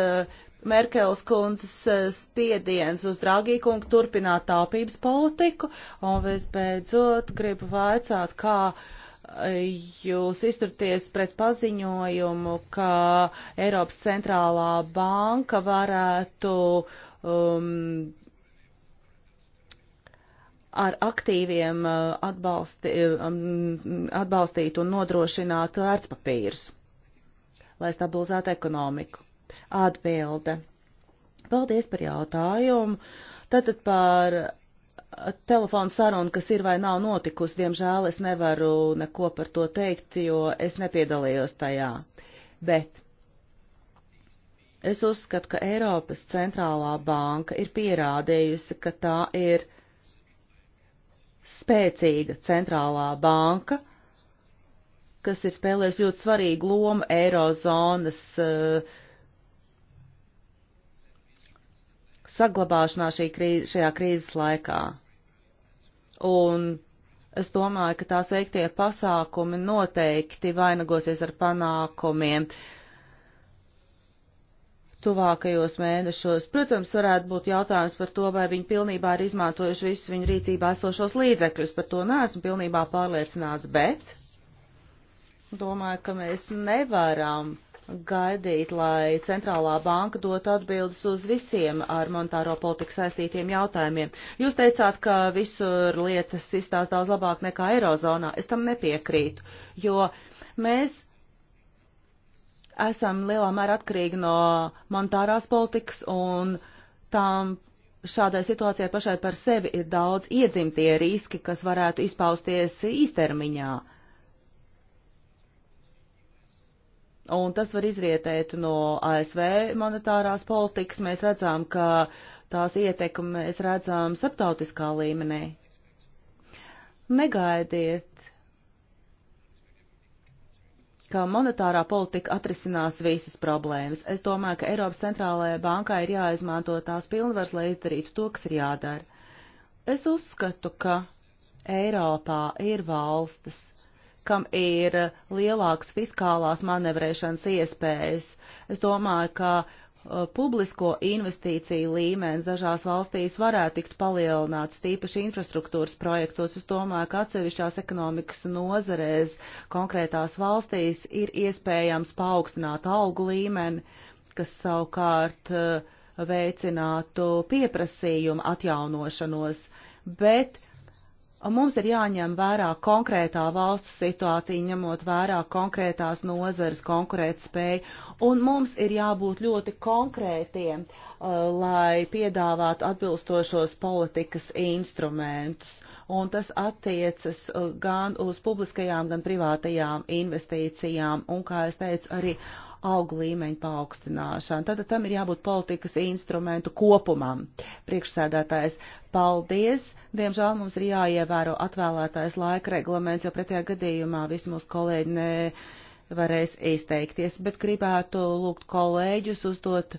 Merkels kundzes eh, spiediens uz Dragīkungu turpināt tāpības politiku, un visbeidzot gribu vaicāt, kā eh, jūs izturties pret paziņojumu, ka Eiropas centrālā banka varētu um, ar aktīviem eh, atbalsti, um, atbalstīt un nodrošināt vērtspapīrus, lai stabilizētu ekonomiku atbilde. Paldies par jautājumu. Tātad par telefonu sarunu, kas ir vai nav notikusi, diemžēl es nevaru neko par to teikt, jo es nepiedalījos tajā. Bet es uzskatu, ka Eiropas centrālā banka ir pierādījusi, ka tā ir spēcīga centrālā banka, kas ir spēlējusi ļoti svarīgu lomu eirozonas uh, saglabāšanā šī krīze, šajā krīzes laikā. Un es domāju, ka tās veiktie pasākumi noteikti vainagosies ar panākumiem tuvākajos mēnešos. Protams, varētu būt jautājums par to, vai viņi pilnībā ir izmantojuši visus viņu rīcībā esošos līdzekļus. Par to neesmu pilnībā pārliecināts, bet domāju, ka mēs nevaram gaidīt, lai centrālā banka dot atbildes uz visiem ar monetāro politiku saistītiem jautājumiem. Jūs teicāt, ka visur lietas izstās daudz labāk nekā Eirozonā. Es tam nepiekrītu, jo mēs esam lielā mērā atkarīgi no monetārās politikas un tām šādai situācijai pašai par sevi ir daudz iedzimtie riski, kas varētu izpausties īstermiņā. un tas var izrietēt no ASV monetārās politikas. Mēs redzam, ka tās ietekmi mēs redzam starptautiskā līmenī. Negaidiet, ka monetārā politika atrisinās visas problēmas. Es domāju, ka Eiropas centrālajai bankai ir jāizmanto tās pilnvars, lai izdarītu to, kas ir jādara. Es uzskatu, ka Eiropā ir valstis, kam ir lielāks fiskālās manevrēšanas iespējas. Es domāju, ka uh, publisko investīciju līmenis dažās valstīs varētu tikt palielināts, tīpaši infrastruktūras projektos. Es domāju, ka atsevišķās ekonomikas nozarēs konkrētās valstīs ir iespējams paaugstināt algu līmeni, kas savukārt uh, veicinātu pieprasījumu atjaunošanos, bet Un mums ir jāņem vērā konkrētā valstu situācija, ņemot vērā konkrētās nozares konkurētspēju, un mums ir jābūt ļoti konkrētiem, uh, lai piedāvātu atbilstošos politikas instrumentus. Un tas attiecas uh, gan uz publiskajām, gan privātajām investīcijām, un, kā es teicu, arī augu līmeņu paaugstināšanu. Tātad tam ir jābūt politikas instrumentu kopumam. Priekšsēdētājs, paldies! Diemžēl mums ir jāievēro atvēlētājs laika reglaments, jo pretējā gadījumā visi mūsu kolēģi ne varēs izteikties, bet gribētu lūgt kolēģus uzdot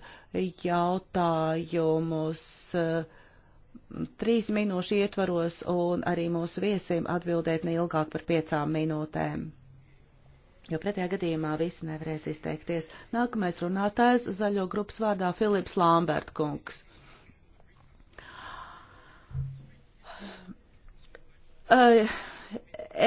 jautājumus eh, trīs minūšu ietvaros un arī mūsu viesim atbildēt neilgāk par piecām minūtēm jo pretējā gadījumā visi nevarēs izteikties. Nākamais runātājs zaļo grupas vārdā Filips Lambert kungs.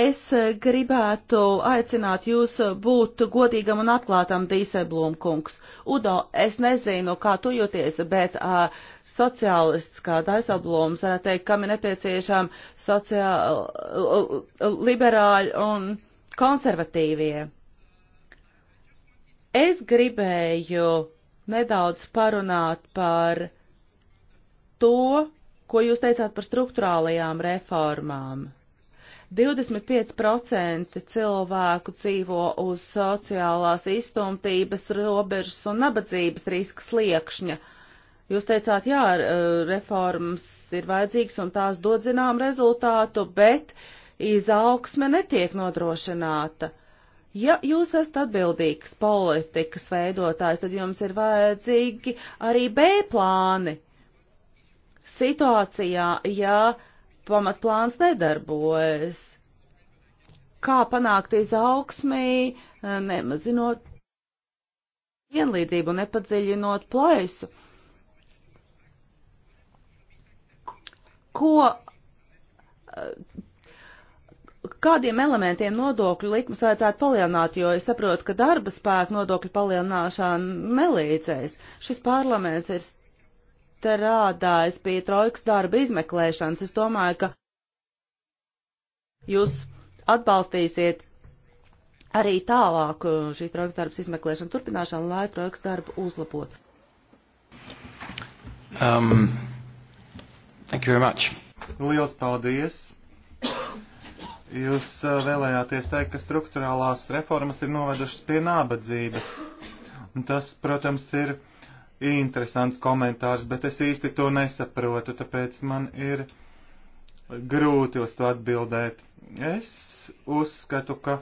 Es gribētu aicināt jūs būt godīgam un atklātam, Dīseblūm kungs. Udo, es nezinu, kā tu jūties, bet uh, sociālists kā Dīseblūms varētu teikt, kam ir nepieciešām sociāli liberāļi un. Uh, konservatīvie. Es gribēju nedaudz parunāt par to, ko jūs teicāt par struktūrālajām reformām. 25% cilvēku dzīvo uz sociālās iztumtības robežas un nabadzības riska sliekšņa. Jūs teicāt, jā, reformas ir vajadzīgas un tās dod zinām rezultātu, bet uh, izaugsme netiek nodrošināta. Ja jūs esat atbildīgs politikas veidotājs, tad jums ir vajadzīgi arī B plāni. Situācijā, ja pamatplāns nedarbojas, kā panākt izaugsmī, nemazinot vienlīdzību, nepadziļinot plaisu. Ko kādiem elementiem nodokļu likmes vajadzētu palielināt, jo es saprotu, ka darba spēka nodokļu palielināšana nelīdzēs. Šis parlaments ir strādājis pie trojkas darba izmeklēšanas. Es domāju, ka jūs atbalstīsiet arī tālāk uh, šīs trojkas darbas izmeklēšanu turpināšanu, lai trojkas darbu uzlabotu. Um, thank you very much. Liels paldies! Jūs uh, vēlējāties teikt, ka struktūrālās reformas ir novedušas pie nabadzības. Un tas, protams, ir interesants komentārs, bet es īsti to nesaprotu, tāpēc man ir grūti uz to atbildēt. Es uzskatu, ka,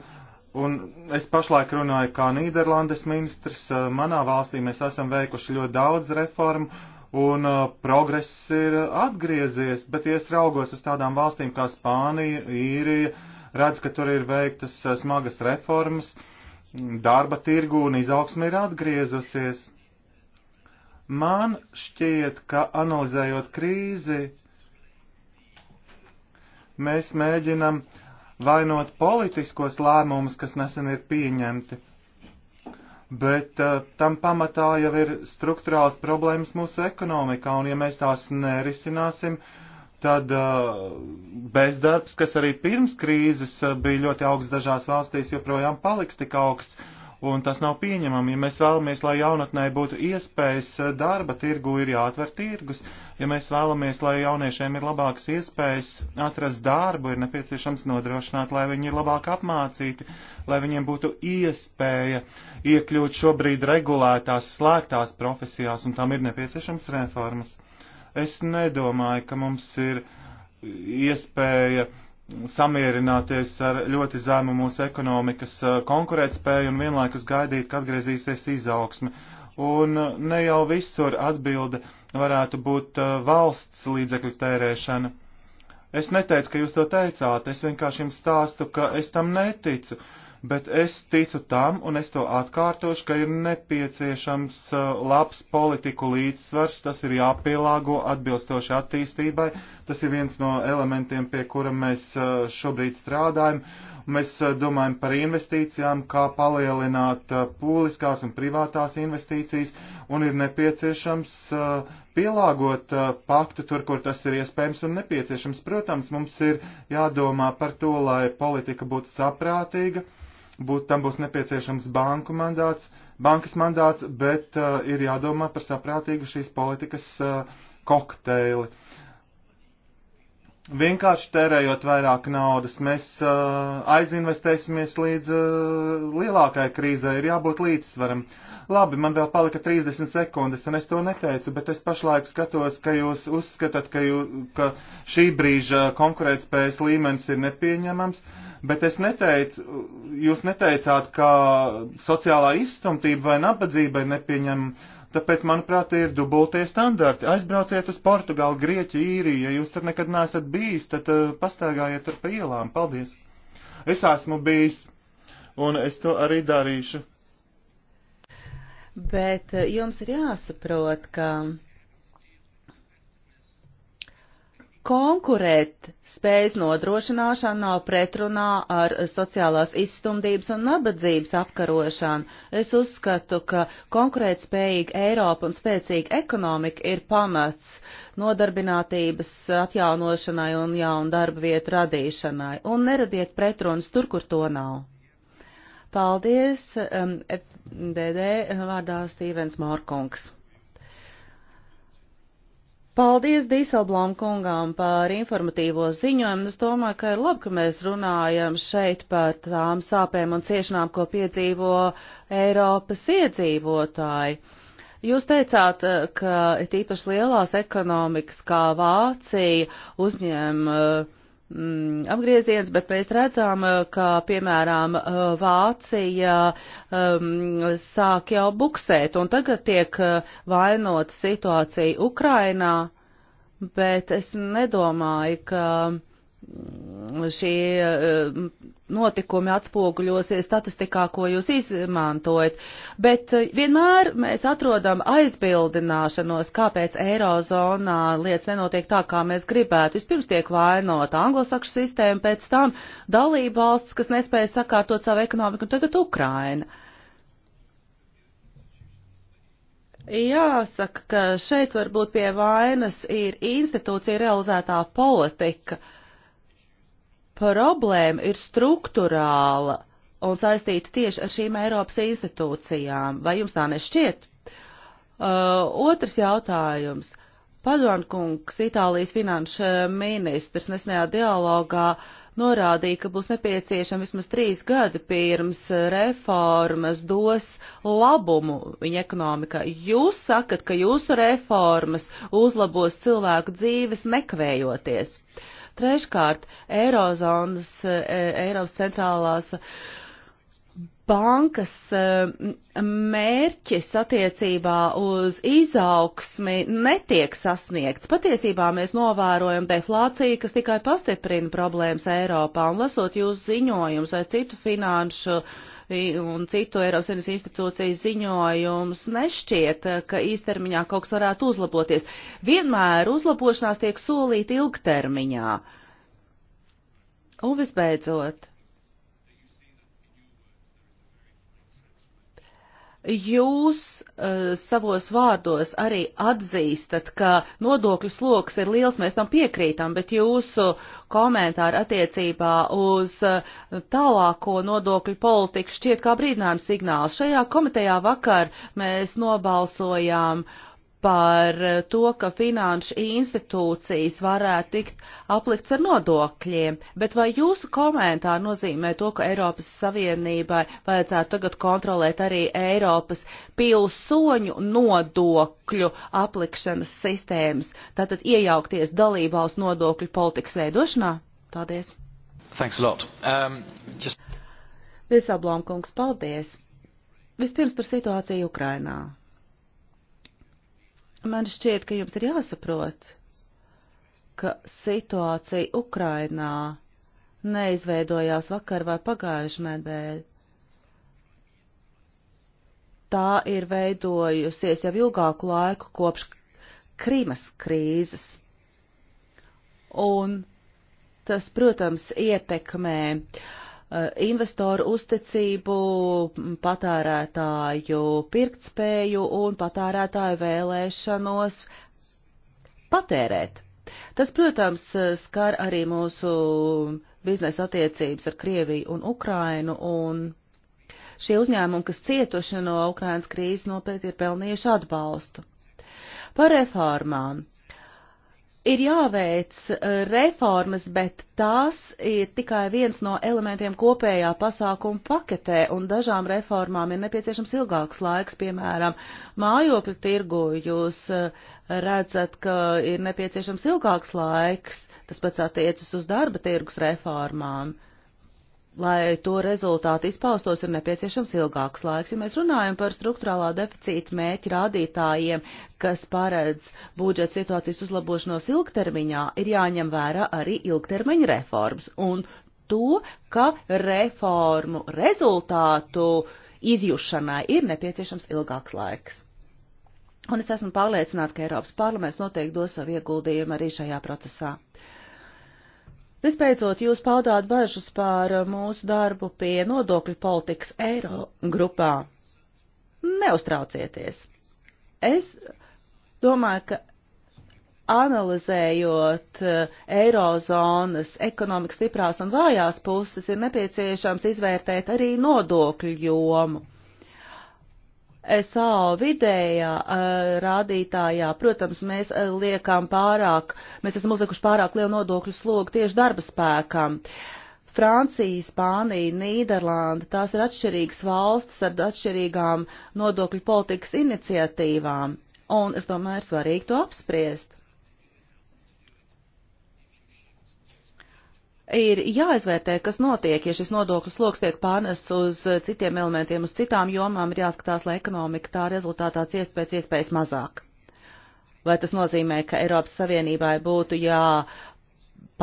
un es pašlaik runāju kā Nīderlandes ministrs, uh, manā valstī mēs esam veikuši ļoti daudz reformu, un uh, progress ir atgriezies, bet iesraugos uz tādām valstīm kā Spānija, Īrija, redz, ka tur ir veiktas uh, smagas reformas, darba tirgu un izaugsme ir atgriezusies. Man šķiet, ka analizējot krīzi, mēs mēģinam vainot politiskos lēmumus, kas nesen ir pieņemti bet uh, tam pamatā jau ir struktūrāls problēmas mūsu ekonomikā, un ja mēs tās nerisināsim, tad uh, bezdarbs, kas arī pirms krīzes uh, bija ļoti augsts dažās valstīs, joprojām paliks tik augsts. Uh, un tas nav pieņemami. Ja mēs vēlamies, lai jaunatnē būtu iespējas eh, darba tirgu, ir jāatver tirgus. Ja mēs vēlamies, lai jauniešiem ir labākas iespējas atrast darbu, ir nepieciešams nodrošināt, lai viņi ir labāk apmācīti, lai viņiem būtu iespēja iekļūt šobrīd regulētās, slēgtās profesijās, un tam ir nepieciešams reformas. Es nedomāju, ka mums ir iespēja samierināties ar ļoti zemu mūsu ekonomikas eh, konkurētspēju un vienlaikus gaidīt, ka atgriezīsies izaugsme. Un eh, ne jau visur atbilde varētu būt eh, valsts līdzekļu tērēšana. Es neteicu, ka jūs to teicāt, es vienkārši jums stāstu, ka es tam neticu. Uh, bet es ticu tam, un es to atkārtošu, ka ir nepieciešams uh, labs politiku līdzsvars, tas ir jāpielāgo atbilstoši attīstībai, tas ir viens no elementiem, pie kura mēs uh, šobrīd strādājam. Mēs uh, domājam par investīcijām, kā palielināt publiskās un privātās investīcijas, un ir nepieciešams pielāgot paktu tur, kur tas ir iespējams un nepieciešams. Protams, mums ir jādomā par to, lai politika būtu saprātīga būt, tam būs nepieciešams banku mandāts, bankas mandāts, bet uh, ir jādomā par saprātīgu šīs politikas uh, kokteili vienkārši tērējot vairāk naudas, mēs uh, aizinvestēsimies līdz uh, lielākai krīzē, ir jābūt līdzsvaram. Labi, man vēl palika 30 sekundes, un es to neteicu, bet es pašlaik skatos, ka jūs uzskatāt, ka, jū, ka šī brīža konkurētspējas līmenis ir nepieņemams, bet es neteicu, jūs neteicāt, ka sociālā izstumtība vai nabadzība ir nepieņemama Tāpēc, manuprāt, ir dubultie standarti. Aizbrauciet uz Portugālu, Grieķiju, Īriju. Ja jūs tur nekad neesat bijis, tad uh, eh, pastaigājiet tur pa ielām. Paldies! Es esmu bijis, un es to arī darīšu. Bet eh, jums ir jāsaprot, ka konkurēt spējas nodrošināšana nav pretrunā ar sociālās izstumdības un nabadzības apkarošanu. Es uzskatu, ka konkurēt spējīga Eiropa un spēcīga ekonomika ir pamats nodarbinātības atjaunošanai un jaunu darba vietu radīšanai. Un neradiet pretrunas tur, kur to nav. Paldies, um, DD vārdā Stīvens Mārkungs. Paldies Dīselblom kungām par informatīvo ziņojumu. Es domāju, ka ir labi, ka mēs runājam šeit par tām sāpēm un ciešanām, ko piedzīvo Eiropas iedzīvotāji. Jūs teicāt, ka tīpaši lielās ekonomikas kā Vācija uzņem uh, mm, apgrieziens, bet mēs redzam, eh, ka, piemēram, eh, Vācija um, sāk jau buksēt, un tagad tiek eh, vainot situācija Ukrainā, bet es nedomāju, ka. Um, šie eh, notikumi atspoguļosies statistikā, ko jūs izmantojat, bet eh, vienmēr mēs atrodam aizbildināšanos, kāpēc Eirozonā lietas nenotiek tā, kā mēs gribētu. Vispirms tiek vainota anglosakšu sistēma, pēc tam dalība valsts, kas nespēja sakārtot savu ekonomiku, un tagad Ukraina. Jāsaka, ka šeit varbūt pie vainas ir institūcija realizētā politika. Uh, problēma ir struktūrāla un saistīta tieši ar šīm Eiropas institūcijām. Vai jums tā nešķiet? Uh, otrs jautājums. Padonkungs, Itālijas finanšu ministrs, nesenajā dialogā norādīja, ka būs nepieciešama vismaz trīs gadi pirms reformas dos labumu viņa ekonomikai. Jūs sakat, ka jūsu reformas uzlabos cilvēku dzīves nekvējoties. Uh, Treškārt, Eirozonas, e, Eiropas centrālās bankas e, mērķis attiecībā uz izaugsmi netiek sasniegts. Patiesībā mēs novērojam deflāciju, kas tikai pastiprina problēmas Eiropā, un lasot jūsu ziņojumus vai citu finanšu uh, un citu Eiropas Savienības institūciju ziņojumus nešķiet, eh, ka īstermiņā kaut kas varētu uzlaboties. Vienmēr uzlabošanās tiek solīta ilgtermiņā. Un visbeidzot, Jūs uh, savos vārdos arī atzīstat, ka nodokļu sloks ir liels, mēs tam piekrītam, bet jūsu komentāri attiecībā uz uh, tālāko nodokļu politiku šķiet kā brīdinājums signāls. Šajā komitejā vakar mēs nobalsojām uh, par eh, to, ka finanšu institūcijas varētu tikt aplikts ar nodokļiem, bet vai jūsu komentāri nozīmē to, ka Eiropas Savienībai vajadzētu tagad kontrolēt arī Eiropas pilsoņu nodokļu aplikšanas sistēmas, tātad iejaukties dalībvalsts nodokļu politikas veidošanā? Paldies! Thanks a lot. Um, just... Visablom kungs, paldies! Vispirms par situāciju Ukrainā. Man šķiet, ka jums ir jāsaprot, ka situācija Ukrainā neizveidojās vakar vai pagājušajā nedēļā. Tā ir veidojusies jau ilgāku laiku kopš Krīmas krīzes. Un tas, protams, ietekmē uh, Eh, investoru uzticību, patērētāju pirktspēju un patērētāju vēlēšanos patērēt. Tas, protams, eh, skar arī mūsu biznesa attiecības ar Krieviju un Ukrainu, un šie uzņēmumi, kas cietuši no Ukrainas krīzes, nopietni ir pelnījuši atbalstu. Par reformām ir jāveic eh, reformas, bet tās ir tikai viens no elementiem kopējā pasākuma paketē, un dažām reformām ir nepieciešams ilgāks laiks, piemēram, mājokļu tirgu. Jūs eh, redzat, ka ir nepieciešams ilgāks laiks, tas pats attiecas uz darba tirgus reformām. Uh, lai to rezultāti izpaustos, ir nepieciešams ilgāks laiks. Ja mēs runājam par struktūrālā deficīta mēķi rādītājiem, kas paredz budžeta situācijas uzlabošanos ilgtermiņā, ir jāņem vērā arī ilgtermiņa reformas un to, ka reformu rezultātu izjušanai ir nepieciešams ilgāks laiks. Un es esmu pārliecināts, ka Eiropas parlaments noteikti dos savu ieguldījumu arī šajā procesā. Uh, Vispēcot, jūs paudāt bažas par uh, mūsu darbu pie nodokļu politikas eiro grupā. Neuztraucieties. Es domāju, ka analizējot uh, eirozonas ekonomikas stiprās un vājās puses, ir nepieciešams izvērtēt arī nodokļu jomu. SAO vidējā uh, rādītājā, protams, mēs eh, liekam pārāk, mēs esam uzlikuši pārāk lielu nodokļu slogu tieši darba spēkam. Francija, Spānija, Nīderlanda, tās ir atšķirīgas valstis ar atšķirīgām nodokļu politikas iniciatīvām, un es domāju, ir svarīgi to apspriest. ir jāizvērtē, kas notiek, ja šis nodokļu sloks tiek pārnests uz citiem elementiem, uz citām jomām, ir jāskatās, lai ekonomika tā rezultātā ciest pēc iespējas mazāk. Vai tas nozīmē, ka Eiropas Savienībai būtu jā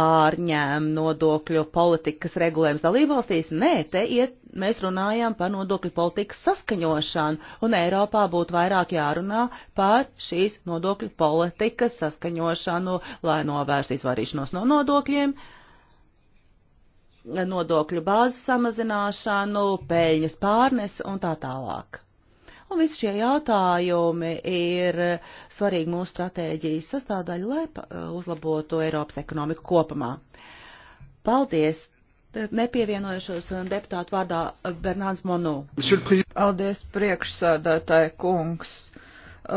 pārņēma nodokļu politikas regulējums dalībvalstīs? Nē, te iet, mēs runājām par nodokļu politikas saskaņošanu, un Eiropā būtu vairāk jārunā par šīs nodokļu politikas saskaņošanu, lai novērstu izvairīšanos no nodokļiem, uh, nodokļu bāzes samazināšanu, peļņas pārnesi un tā tālāk. Un visi šie jautājumi ir svarīgi mūsu stratēģijas sastāvdaļa, lai eh, uzlabotu Eiropas ekonomiku kopumā. Paldies! Nepievienojušos deputātu vārdā Bernāns Monu. Paldies, priekšsādātāji kungs!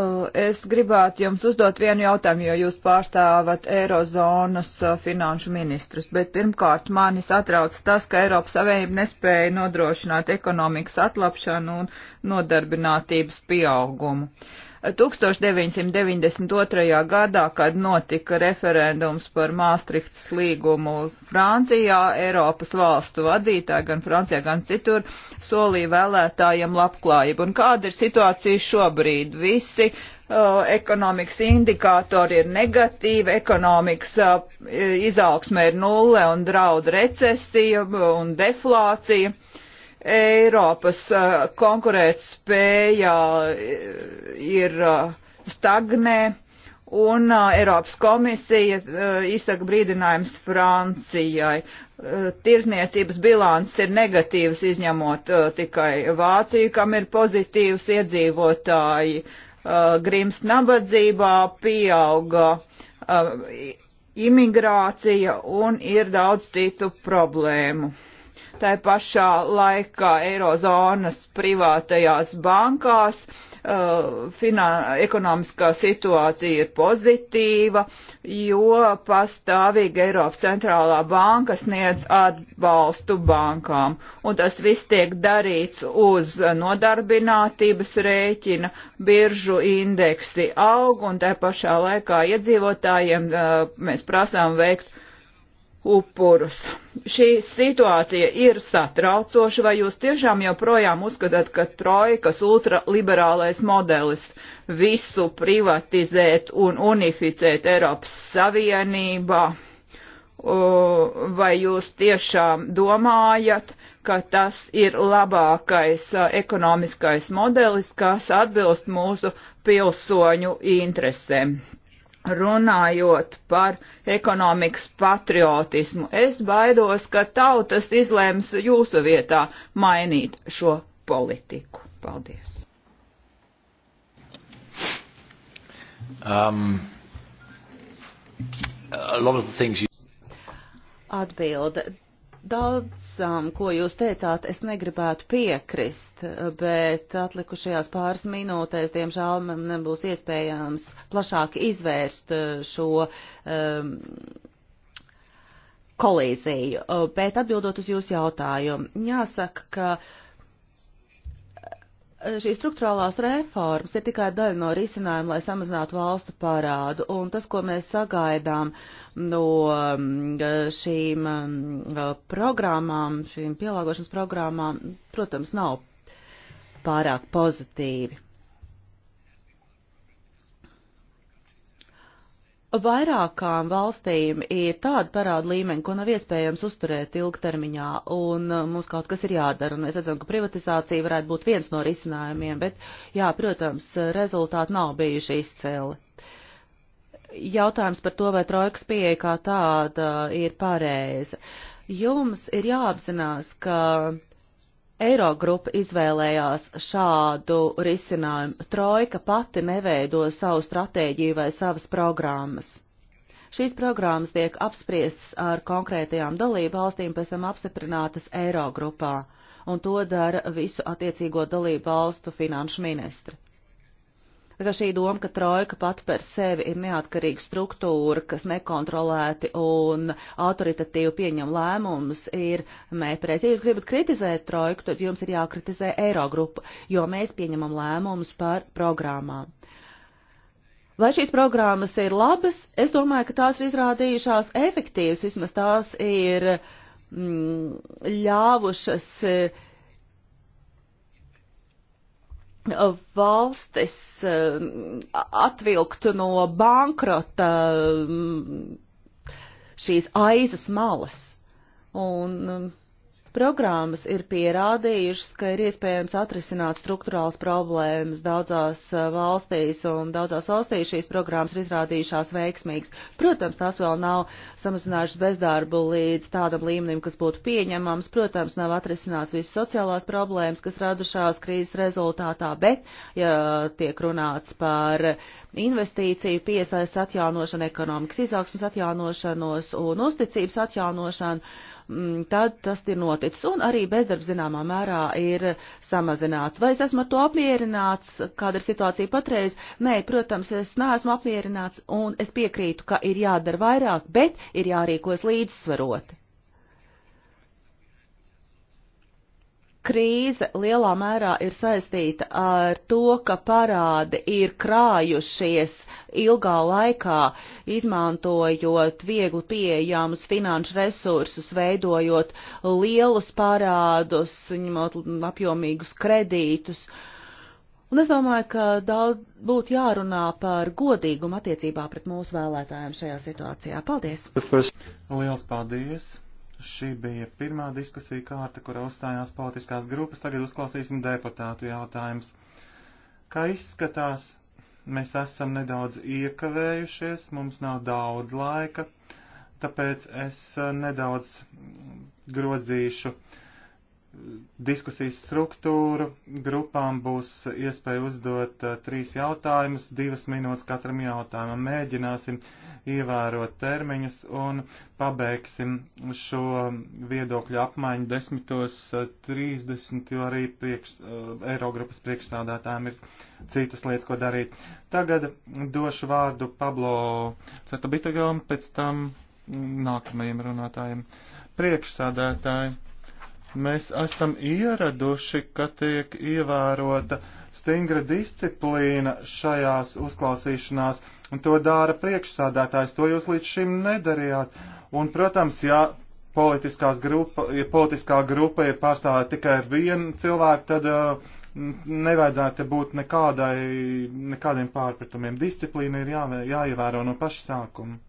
Eh, es gribētu jums uzdot vienu jautājumu, jo jūs pārstāvat Eirozonas eh, finanšu ministrus, bet pirmkārt manis atrauc tas, ka Eiropas Savienība nespēja nodrošināt ekonomikas atlapšanu un nodarbinātības pieaugumu. Uh, 1992. gadā, kad notika referendums par Māstrihtas līgumu Francijā, Eiropas valstu vadītāji gan Francijā, gan citur solīja vēlētājiem labklājību. Un kāda ir situācija šobrīd? Visi uh, ekonomikas indikātori ir negatīvi, ekonomikas uh, izaugsme ir nulle un draud recesija un deflācija. Uh, Eiropas konkurētspējā ir stagnē, un Eiropas komisija izsaka brīdinājums Francijai. Tirzniecības bilants ir negatīvs, izņemot tikai Vāciju, kam ir pozitīvs iedzīvotāji. Grims nabadzībā pieauga imigrācija un ir daudz citu problēmu. Tā pašā laikā Eirozonas privātajās bankās uh, finā, ekonomiskā situācija ir pozitīva, jo pastāvīgi Eiropas centrālā banka sniedz atbalstu bankām. Un tas viss tiek darīts uz nodarbinātības rēķina, biržu indeksi aug, un tā pašā laikā iedzīvotājiem uh, mēs prasām veikt upurus. Šī situācija ir satraucoša, vai jūs tiešām joprojām uzskatāt, ka trojkas ultraliberālais modelis visu privatizēt un unificēt Eiropas Savienībā? Vai jūs tiešām domājat, ka tas ir labākais ekonomiskais modelis, kas atbilst mūsu pilsoņu interesēm? Runājot par ekonomikas patriotismu, es baidos, ka tautas izlēms jūsu vietā mainīt šo politiku. Paldies! Um, a lot of the things you... Atbilde. Daudzam, ko jūs teicāt, es negribētu piekrist, bet atlikušajās pāris minūtēs, diemžēl, man nebūs iespējams plašāk izvērst uh, šo um, kolīziju. Uh, bet atbildot uz jūsu jautājumu, jāsaka, ka šīs struktūrālās reformas ir tikai daļa no risinājuma, lai samazinātu valstu parādu, un tas, ko mēs sagaidām no mm, šīm mm, programmām, šīm pielāgošanas programmām, protams, nav pārāk pozitīvi. Vairākām valstīm ir tāda parāda līmeņa, ko nav iespējams uzturēt ilgtermiņā, un uh, mums kaut kas ir jādara, un mēs redzam, ka privatizācija varētu būt viens no risinājumiem, bet, jā, protams, rezultāti nav bijuši izcēli. Jautājums par to, vai trojkas pieeja kā tāda ir pareiza. Jums ir jāapzinās, ka Eirogrupa izvēlējās šādu risinājumu. Trojka pati neveido savu stratēģiju vai savas programmas. Šīs programmas tiek apspriestas ar konkrētajām dalību valstīm, pēc tam apstiprinātas Eirogrupā, un to dara visu attiecīgo dalību valstu finanšu ministri. Tā kā šī doma, ka trojka pat par sevi ir neatkarīga struktūra, kas nekontrolēti un autoritatīvi pieņem lēmumus, ir nepareizi. Ja jūs gribat kritizēt trojku, tad jums ir jākritizē Eirogrupa, jo mēs pieņemam lēmumus par programmām. Vai šīs programmas ir labas? Es domāju, ka tās ir izrādījušās efektīvas, vismaz tās ir mm, ļāvušas. Uh, valstis um, atvilktu no bankrota um, šīs aizas malas. Un um, Programmas ir pierādījušas, ka ir iespējams atrisināt struktūrāls problēmas daudzās valstīs, un daudzās valstīs šīs programmas ir izrādījušās veiksmīgas. Protams, tās vēl nav samazinājušas bezdarbu līdz tādam līmenim, kas būtu pieņemams. Protams, nav atrisināts visas sociālās problēmas, kas radušās krīzes rezultātā, bet, ja tiek runāts par investīciju piesaist atjaunošanu, ekonomikas izaugsmas atjaunošanos un uzticības atjaunošanu, Mm, tad tas ir noticis. Un arī bezdarbs zināmā mērā ir samazināts. Vai es esmu ar to apmierināts, kāda ir situācija patreiz? Nē, protams, es neesmu apmierināts un es piekrītu, ka ir jādara vairāk, bet ir jārīkos līdzsvaroti. krīze lielā mērā ir saistīta ar to, ka parādi ir krājušies ilgā laikā, izmantojot viegli pieejamus finanšu resursus, veidojot lielus parādus, ņemot apjomīgus kredītus. Un es domāju, ka daudz būtu jārunā par godīgumu attiecībā pret mūsu vēlētājiem šajā situācijā. Paldies! Liels paldies! Šī bija pirmā diskusija kārta, kurā uzstājās politiskās grupas. Tagad uzklausīsim deputātu jautājumus. Kā izskatās, mēs esam nedaudz iekavējušies, mums nav daudz laika, tāpēc es eh, nedaudz grozīšu uh, diskusijas struktūru. Grupām būs iespēja uzdot uh, trīs jautājumus, divas minūtes katram jautājumam. Mēģināsim ievērot termiņus un pabeigsim šo viedokļu apmaiņu 10.30, eh, jo arī priekš, uh, Eirogrupas priekšstādātājiem ir citas lietas, ko darīt. Tagad došu vārdu Pablo Cetabitagam, pēc tam nākamajiem runātājiem. Priekšsādātāji mēs esam ieraduši, ka tiek ievērota stingra disciplīna šajās uzklausīšanās, un to dara priekšsādātājs, to jūs līdz šim nedarījāt. Un, protams, ja, grupa, ja politiskā grupa ir pārstāvēta tikai ar vienu cilvēku, tad uh, nevajadzētu būt nekādai, nekādiem pārpratumiem. Disciplīna ir jā, jāievēro no paša sākuma.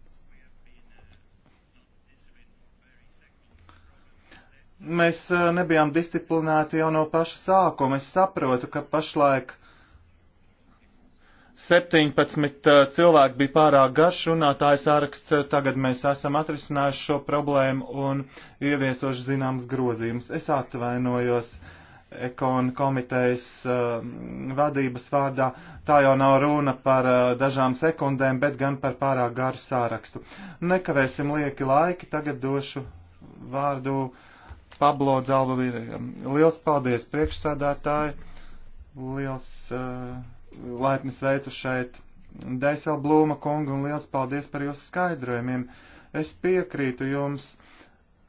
mēs nebijām disciplinēti jau no paša sākuma. Es saprotu, ka pašlaik 17 cilvēki bija pārāk garš runātājs āraksts, tagad mēs esam atrisinājuši šo problēmu un ieviesoši zināmas grozījumus. Es atvainojos ekon komitejas uh, vadības vārdā. Tā jau nav runa par uh, dažām sekundēm, bet gan par pārāk garu sārakstu. Nekavēsim lieki laiki, tagad došu vārdu uh, Pablo Dzalvavīram. Liels paldies priekšsādātāji, liels uh, eh, laipnis veicu šeit Deisel Blūma kungu un liels paldies par jūsu skaidrojumiem. Es piekrītu jums,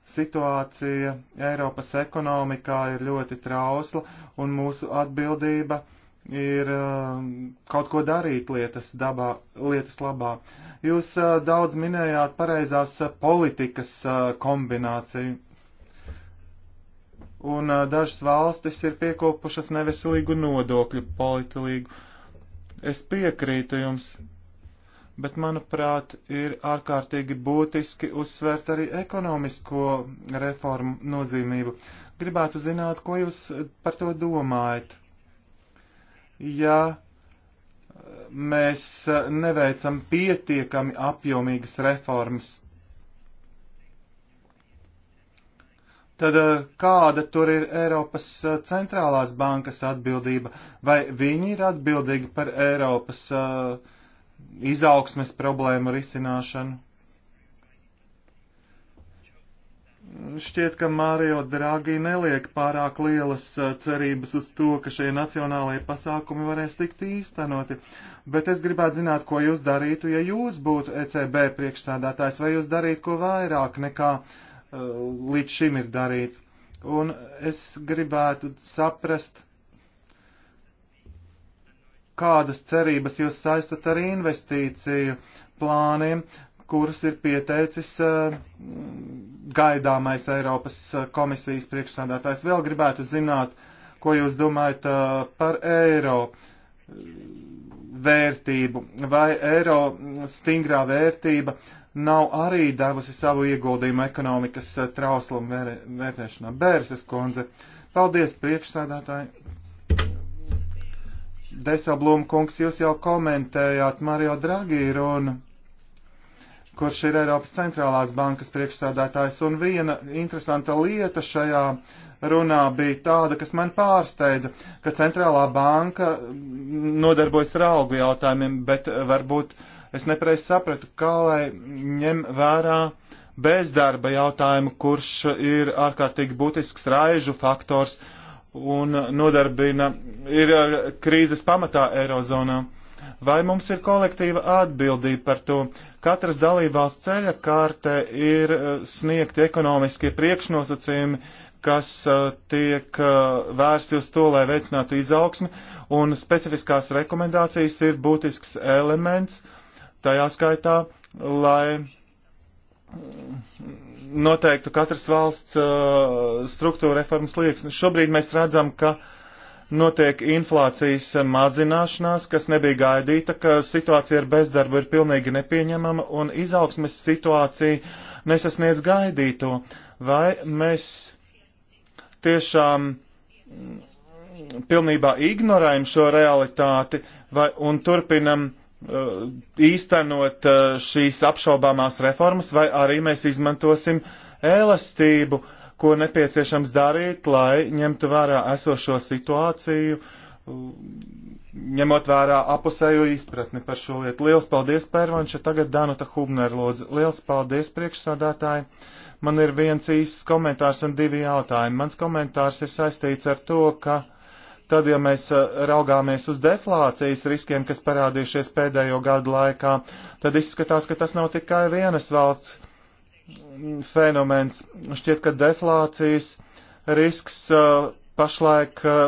situācija Eiropas ekonomikā ir ļoti trausla un mūsu atbildība ir uh, kaut ko darīt lietas, dabā, lietas labā. Jūs uh, daudz minējāt pareizās uh, politikas kombināciju un dažas valstis ir piekopušas neveselīgu nodokļu politilīgu. Es piekrītu jums, bet manuprāt ir ārkārtīgi būtiski uzsvērt arī ekonomisko reformu nozīmību. Gribētu zināt, ko jūs par to domājat. Ja mēs neveicam pietiekami apjomīgas reformas, tad eh, kāda tur ir Eiropas eh, centrālās bankas atbildība? Vai viņi ir atbildīgi par Eiropas uh, izaugsmes problēmu risināšanu? Šķiet, ka Mārio Dragi neliek pārāk lielas cerības uz to, ka šie nacionālajie pasākumi varēs tikt īstenoti, bet es gribētu zināt, ko jūs darītu, ja jūs būtu ECB priekšsādātājs, vai jūs darītu ko vairāk nekā uh, Eh, līdz šim ir darīts. Un es gribētu saprast, kādas cerības jūs saistat ar investīciju plāniem, kurus ir pieteicis eh, gaidāmais Eiropas eh, komisijas priekšsādātājs. Vēl gribētu zināt, ko jūs domājat par eiro vērtību, vai eiro stingrā vērtība nav arī devusi savu ieguldījumu ekonomikas eh, trauslumu vērtēšanā. Bērses kundze, paldies priekšstādātāji. Desablūma kungs, jūs jau komentējāt Mario Draghi runu, kurš ir Eiropas centrālās bankas priekšstādātājs, un viena interesanta lieta šajā runā bija tāda, kas man pārsteidza, ka centrālā banka nodarbojas ar algu jautājumiem, bet varbūt uh, Es nepareiz sapratu, kā lai ņem vērā bezdarba jautājumu, kurš ir ārkārtīgi būtisks raižu faktors un nodarbina, ir uh, krīzes pamatā Eirozonā. Vai mums ir kolektīva atbildība par to? Katras dalībvalsts ceļa kārte ir uh, sniegti ekonomiskie priekšnosacījumi, kas uh, tiek vērsti uz to, lai veicinātu izaugsmi, un specifiskās rekomendācijas ir būtisks elements uh, tajā skaitā, lai noteiktu katras valsts uh, struktūra reformas liekas. Šobrīd mēs redzam, ka notiek inflācijas mazināšanās, kas nebija gaidīta, ka situācija ar bezdarbu ir pilnīgi nepieņemama un izaugsmes situācija nesasniedz gaidīto. Vai mēs tiešām pilnībā ignorējam šo realitāti vai, un turpinam uh, Uh, īstenot uh, šīs apšaubāmās reformas, vai arī mēs izmantosim elastību, ko nepieciešams darīt, lai ņemtu vērā esošo situāciju, ņemot vērā apusējo izpratni par šo lietu. Liels paldies, Pērvanša, tagad Danuta Hubner lūdzu. Liels paldies, priekšsādātāji. Man ir viens īsts komentārs un divi jautājumi. Mans komentārs ir saistīts ar to, ka Tad, ja mēs eh, raugāmies uz deflācijas riskiem, kas parādījušies pēdējo gadu laikā, tad izskatās, ka tas nav tikai vienas valsts mm, fenomens. Šķiet, ka deflācijas risks eh, pašlaik eh,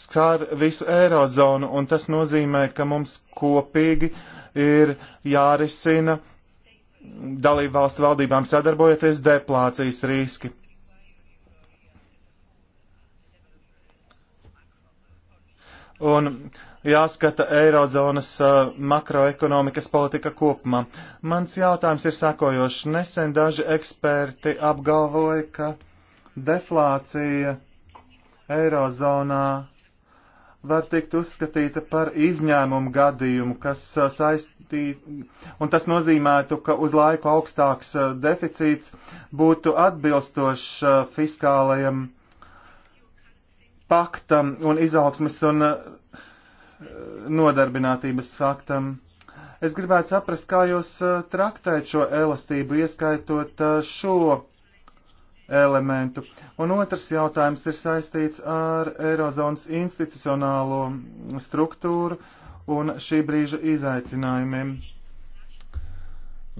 skar visu eirozonu, un tas nozīmē, ka mums kopīgi ir jārisina dalību valstu valdībām sadarbojoties deflācijas riski un jāskata Eirozonas uh, makroekonomikas politika kopumā. Mans jautājums ir sakojošs. Nesen daži eksperti apgalvoja, ka deflācija Eirozonā var tikt uzskatīta par izņēmumu gadījumu, kas uh, saistīta, un tas nozīmētu, ka uz laiku augstāks uh, deficīts būtu atbilstošs uh, fiskālajam paktam un izaugsmas un eh, nodarbinātības faktam. Es gribētu saprast, kā jūs eh, traktējat šo elastību, ieskaitot eh, šo elementu. Un otrs jautājums ir saistīts ar Eirozonas institucionālo struktūru un šī brīža izaicinājumiem.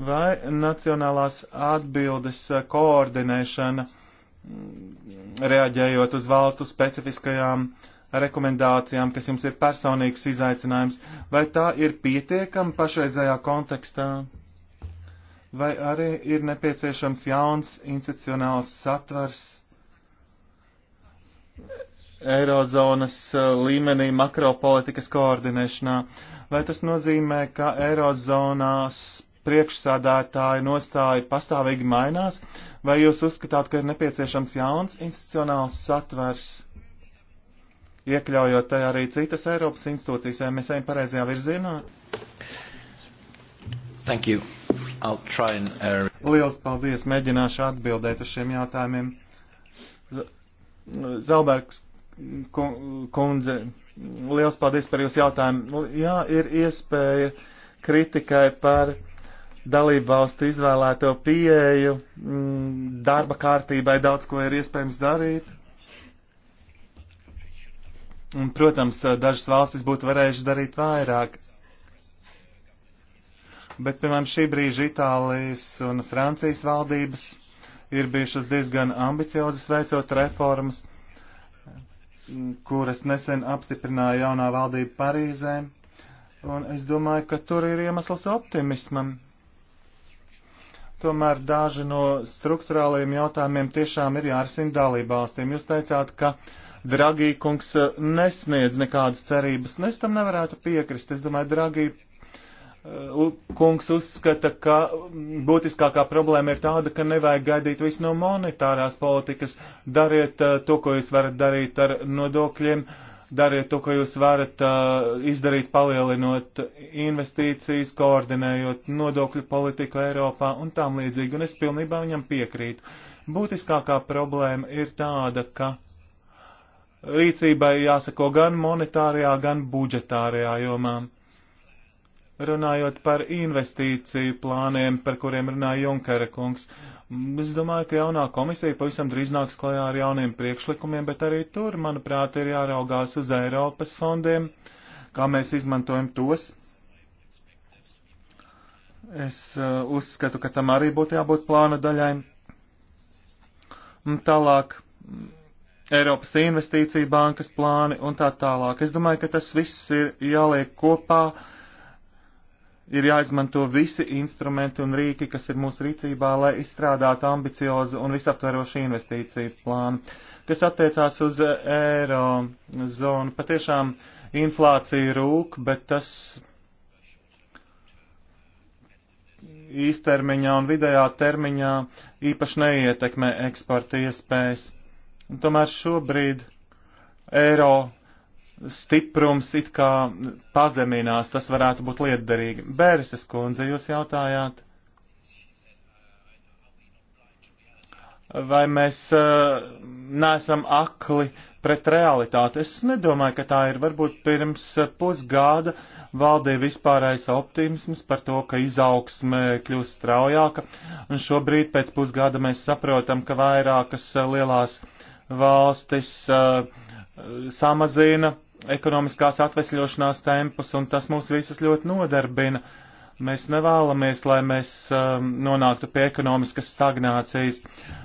Vai nacionālās atbildes koordinēšana uh, reaģējot uz valstu specifiskajām rekomendācijām, kas jums ir personīgs izaicinājums, vai tā ir pietiekama pašreizējā kontekstā, vai arī ir nepieciešams jauns institucionāls satvers Eirozonas uh, līmenī makropolitikas koordinēšanā, vai tas nozīmē, ka Eirozonās priekšsādātāja nostāja pastāvīgi mainās, vai jūs uzskatāt, ka ir nepieciešams jauns institucionāls satvers, iekļaujot tajā arī citas Eiropas institūcijas, vai mēs ejam pareizajā virzienā? Thank you. I'll try and... Uh... Liels paldies, mēģināšu atbildēt uz šiem jautājumiem. Zalbergs kundze, liels paldies par jūsu jautājumu. Nu, jā, ir iespēja kritikai par dalību valstu izvēlēto pieeju, mm, darba kārtībai daudz ko ir iespējams darīt. Un, protams, dažas valstis būtu varējušas darīt vairāk. Bet, piemēram, šī brīža Itālijas un Francijas valdības ir bijušas diezgan ambiciozas veicot reformas, kuras nesen apstiprināja jaunā valdība Parīzē. Un es domāju, ka tur ir iemesls optimismam tomēr daži no struktūrālajiem jautājumiem tiešām ir jārisina dalībvalstīm. Jūs teicāt, ka Dragī kungs eh, nesniedz nekādas cerības, un nu, es tam nevarētu piekrist. Es domāju, Dragī eh, kungs uzskata, ka būtiskākā problēma ir tāda, ka nevajag gaidīt visu no monetārās politikas, dariet eh, to, ko jūs varat darīt ar nodokļiem, uh, Dariet to, ko jūs varat uh, izdarīt, palielinot investīcijas, koordinējot nodokļu politiku Eiropā un tām līdzīgi, un es pilnībā viņam piekrītu. Būtiskākā problēma ir tāda, ka rīcībai jāsako gan monetārajā, gan budžetārajā jomām. Runājot par investīciju plāniem, par kuriem runāja Junkara kungs, mm, es domāju, ka jaunā komisija pavisam drīz nāks klajā ar jauniem priekšlikumiem, bet arī tur, manuprāt, ir jāraugās uz Eiropas fondiem, kā mēs izmantojam tos. Es uh, uzskatu, ka tam arī būtu jābūt plāna daļai. Un tālāk. Mm, Eiropas investīcija bankas plāni un tā tālāk. Es domāju, ka tas viss ir jāliek kopā ir jāizmanto visi instrumenti un rīki, kas ir mūsu rīcībā, lai izstrādātu ambiciozu un visaptverošu investīciju plānu. Kas attiecās uz eiro zonu, patiešām inflācija rūk, bet tas īstermiņā un vidējā termiņā īpaši neietekmē eksporta iespējas. Un tomēr šobrīd eiro stiprums it kā pazeminās, tas varētu būt lietderīgi. Bērises kundze, jūs jautājāt, vai mēs uh, neesam akli pret realitāti. Es nedomāju, ka tā ir. Varbūt pirms pusgada valdīja vispārējais optimisms par to, ka izaugsme kļūst straujāka, un šobrīd pēc pusgada mēs saprotam, ka vairākas lielās valstis uh, samazina ekonomiskās atvesļošanās tempus, un tas mūs visus ļoti nodarbina. Mēs nevēlamies, lai mēs um, nonāktu pie ekonomiskas stagnācijas,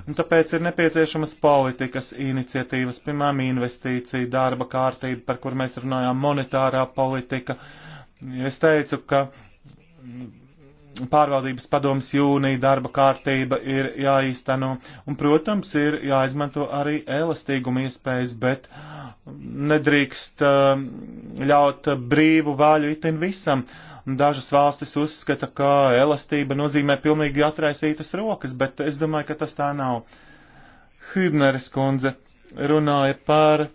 un tāpēc ir nepieciešamas politikas iniciatīvas, piemēram, investīcija, darba kārtība, par kur mēs runājām, monetārā politika. Es teicu, ka pārvaldības padomas jūnija darba kārtība ir jāīsteno, un, protams, ir jāizmanto arī elastīguma iespējas, bet nedrīkst um, ļaut brīvu vāļu itin visam. Dažas valstis uzskata, ka elastība nozīmē pilnīgi atraisītas rokas, bet es domāju, ka tas tā nav. Hübneris kundze runāja par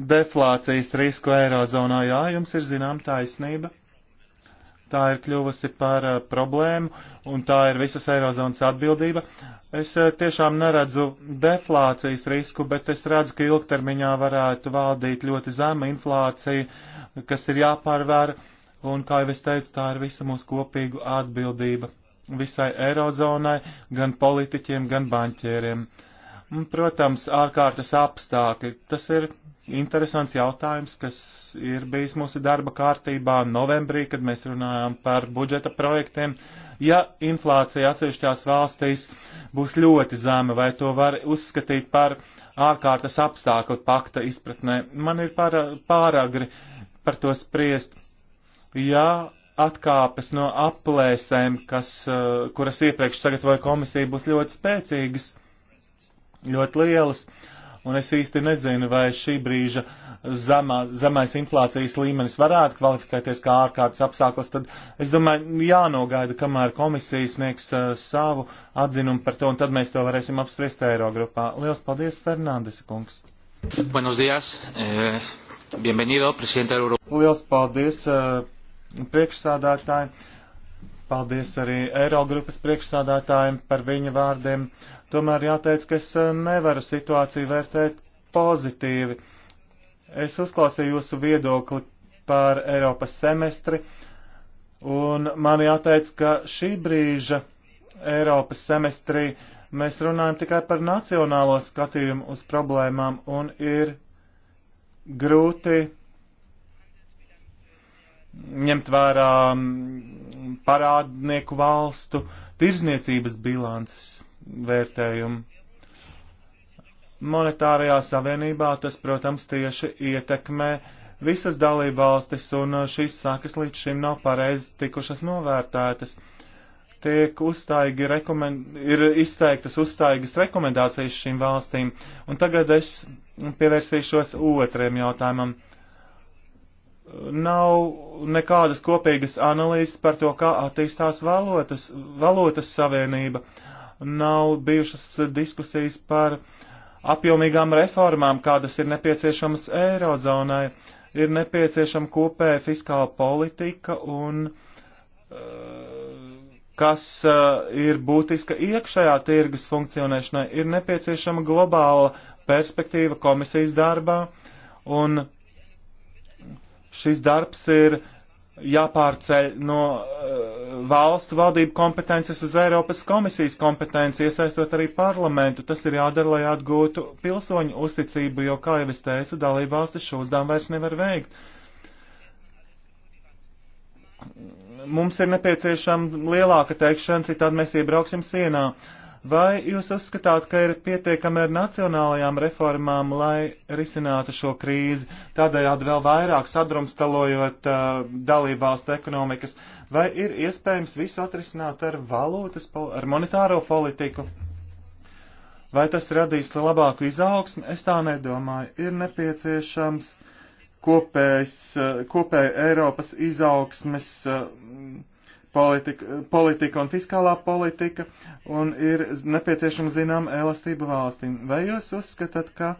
deflācijas risku Eirozonā. Jā, jums ir zinām taisnība tā ir kļuvusi par uh, problēmu un tā ir visas Eirozonas atbildība. Es uh, tiešām neredzu deflācijas risku, bet es redzu, ka ilgtermiņā varētu valdīt ļoti zema inflācija, kas ir jāpārvēr, un, kā jau es teicu, tā ir visa mūsu kopīgu atbildība visai Eirozonai, gan politiķiem, gan baņķieriem. Un, protams, ārkārtas apstākļi. Tas ir interesants jautājums, kas ir bijis mūsu darba kārtībā novembrī, kad mēs runājām par budžeta projektiem. Ja inflācija atsevišķās valstīs būs ļoti zema, vai to var uzskatīt par ārkārtas apstākļu pakta izpratnē, man ir pāragri par to spriest. Ja atkāpes no aplēsēm, kas, kuras iepriekš sagatavoja komisija, būs ļoti spēcīgas, ļoti lielas, uh, un es īsti nezinu, vai šī brīža zemā, zemais inflācijas līmenis varētu kvalificēties kā ārkārtas apstākļus, tad es domāju, jānogaida, kamēr komisija sniegs uh, savu atzinumu par to, un tad mēs to varēsim apspriest Eirogrupā. Lielas paldies, Fernandes kungs! Buenos días, eh, bienvenido, presidente Eirogrupā. Lielas paldies, uh, priekšsādātāji! Paldies arī Eirogrupas priekšsādātājiem par viņa vārdiem. Uh, Tomēr jāteic, ka es eh, nevaru situāciju vērtēt pozitīvi. Es uzklausīju jūsu viedokli par Eiropas semestri, un man jāteic, ka šī brīža Eiropas semestrī mēs runājam tikai par nacionālo skatījumu uz problēmām, un ir grūti ņemt vērā mm, parādnieku valstu tirzniecības bilances vērtējumu. Monetārajā savienībā tas, protams, tieši ietekmē visas dalībvalstis, un šīs sakas līdz šim nav pareizi tikušas novērtētas. Tiek uzstaigi rekomend... ir izteiktas uzstaigas rekomendācijas šīm valstīm, un tagad es pievērsīšos otriem jautājumam nav nekādas kopīgas analīzes par to, kā attīstās valotas, valotas savienība nav bijušas diskusijas par apjomīgām reformām, kādas ir nepieciešamas Eirozonai. Ir nepieciešama kopēja fiskāla politika un eh, kas eh, ir būtiska iekšējā tirgus funkcionēšanai, ir nepieciešama globāla perspektīva komisijas darbā, un šis darbs ir jāpārceļ no uh, valstu valdību kompetences uz Eiropas komisijas kompetenci, iesaistot arī parlamentu. Tas ir jādara, lai atgūtu pilsoņu uzticību, jo, kā jau es teicu, dalību valstis šo uzdevumu vairs nevar veikt. Mums ir nepieciešama lielāka teikšana, citādi mēs iebrauksim sienā. Uh, Vai jūs uzskatāt, ka ir pietiekami ar nacionālajām reformām, lai risinātu šo krīzi, tādējādi vēl vairāk sadrumstalojot uh, dalībvalstu ekonomikas, vai ir iespējams visu atrisināt ar valūtas, ar monetāro politiku? Vai tas radīs labāku izaugsmu? Es tā nedomāju. Ir nepieciešams kopējs, uh, kopēja Eiropas izaugsmes. Uh, politika, politika un fiskālā politika, un ir nepieciešama zinām elastība valstīm. Vai jūs uzskatāt, ka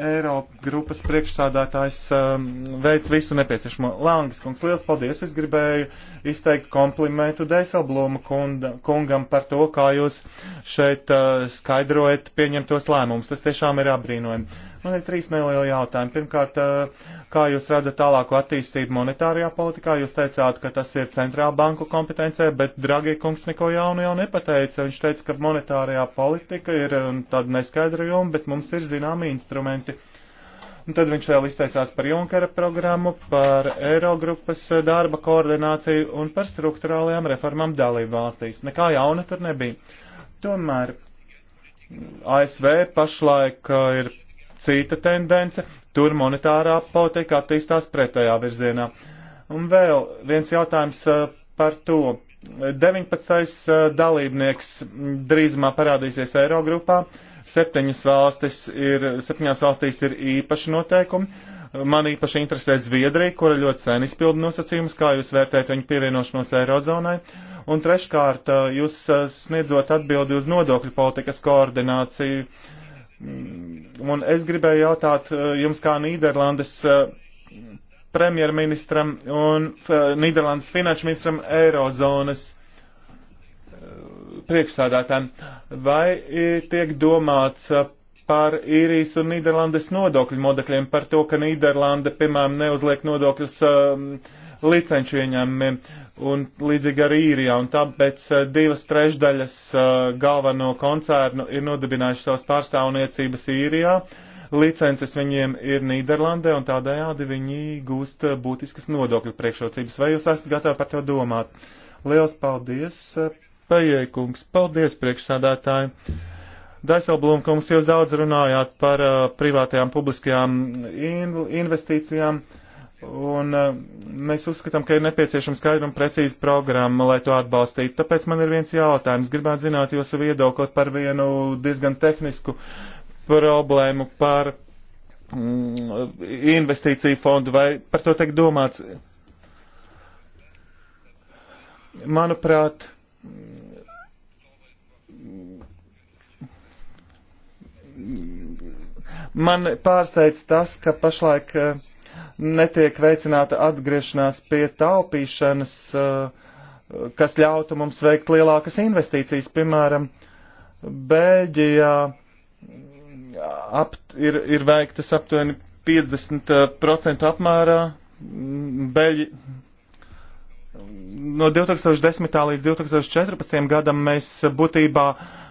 Eiropa grupas priekšsādātājs um, veids visu nepieciešamo? Langas kungs, liels paldies! Es gribēju izteikt komplimentu Deiselblūma kungam par to, kā jūs šeit uh, skaidrojat pieņemtos lēmumus. Tas tiešām ir apbrīnojami Man ir trīs nelieli jautājumi. Pirmkārt, eh, kā jūs redzat tālāko attīstību monetārajā politikā? Jūs teicāt, ka tas ir centrāla banku kompetencē, bet Dragi kungs neko jaunu jau nepateica. Viņš teica, ka monetārajā politika ir tāda neskaidrojuma, bet mums ir zināmi instrumenti. Un tad viņš vēl izteicās par Junkera programmu, par Eirogrupas darba koordināciju un par struktūrālajām reformām dalību valstīs. Nekā jauna tur nebija. Tomēr ASV pašlaik eh, ir cita tendence, tur monetārā politika attīstās pretējā virzienā. Un vēl viens jautājums uh, par to. 19. Uh, dalībnieks drīzumā parādīsies Eirogrupā. Septiņas valstis ir, septiņās valstīs ir īpaši noteikumi. Man īpaši interesē Zviedrija, kura ļoti sen izpilda nosacījumus, kā jūs vērtējat viņu pievienošanos Eirozonai. Un treškārt, uh, jūs sniedzot atbildi uz nodokļu politikas koordināciju, uh, Mm. Un es gribēju jautāt eh, jums kā Nīderlandes eh, premjerministram un eh, Nīderlandes finanšu ministram Eirozonas priekšsādātājiem, vai tiek domāts par īrijas un Nīderlandes nodokļu modekļiem, par to, ka Nīderlanda, piemēram, neuzliek nodokļus licenču ieņēmumiem. Uh, un līdzīgi arī īrijā, un tāpēc eh, divas trešdaļas eh, galveno koncernu ir nodibinājuši savas pārstāvniecības īrijā. Licences viņiem ir Nīderlandē, un tādējādi viņi gūst eh, būtiskas nodokļu priekšrocības. Vai jūs esat gatavi par to domāt? Liels paldies, Pējēkungs! Paldies, priekšsādātāji! Daiselblūmkungs, jūs daudz runājāt par uh, privātajām publiskajām in investīcijām. Uh, Un eh, mēs uzskatām, ka ir nepieciešama skaidra un precīza programma, lai to atbalstītu. Tāpēc man ir viens jautājums. Gribētu zināt jūsu viedokli par vienu diezgan tehnisku problēmu par mm, investīciju fondu. Vai par to tiek domāts? Manuprāt, man pārsteidz tas, ka pašlaik uh, netiek veicināta atgriešanās pie taupīšanas, eh, kas ļautu mums veikt lielākas investīcijas. Piemēram, Bēļģijā mm, apt, ir, ir veiktas aptuveni 50% eh, apmērā mm, Beļi. No 2010. līdz 2014. gadam mēs būtībā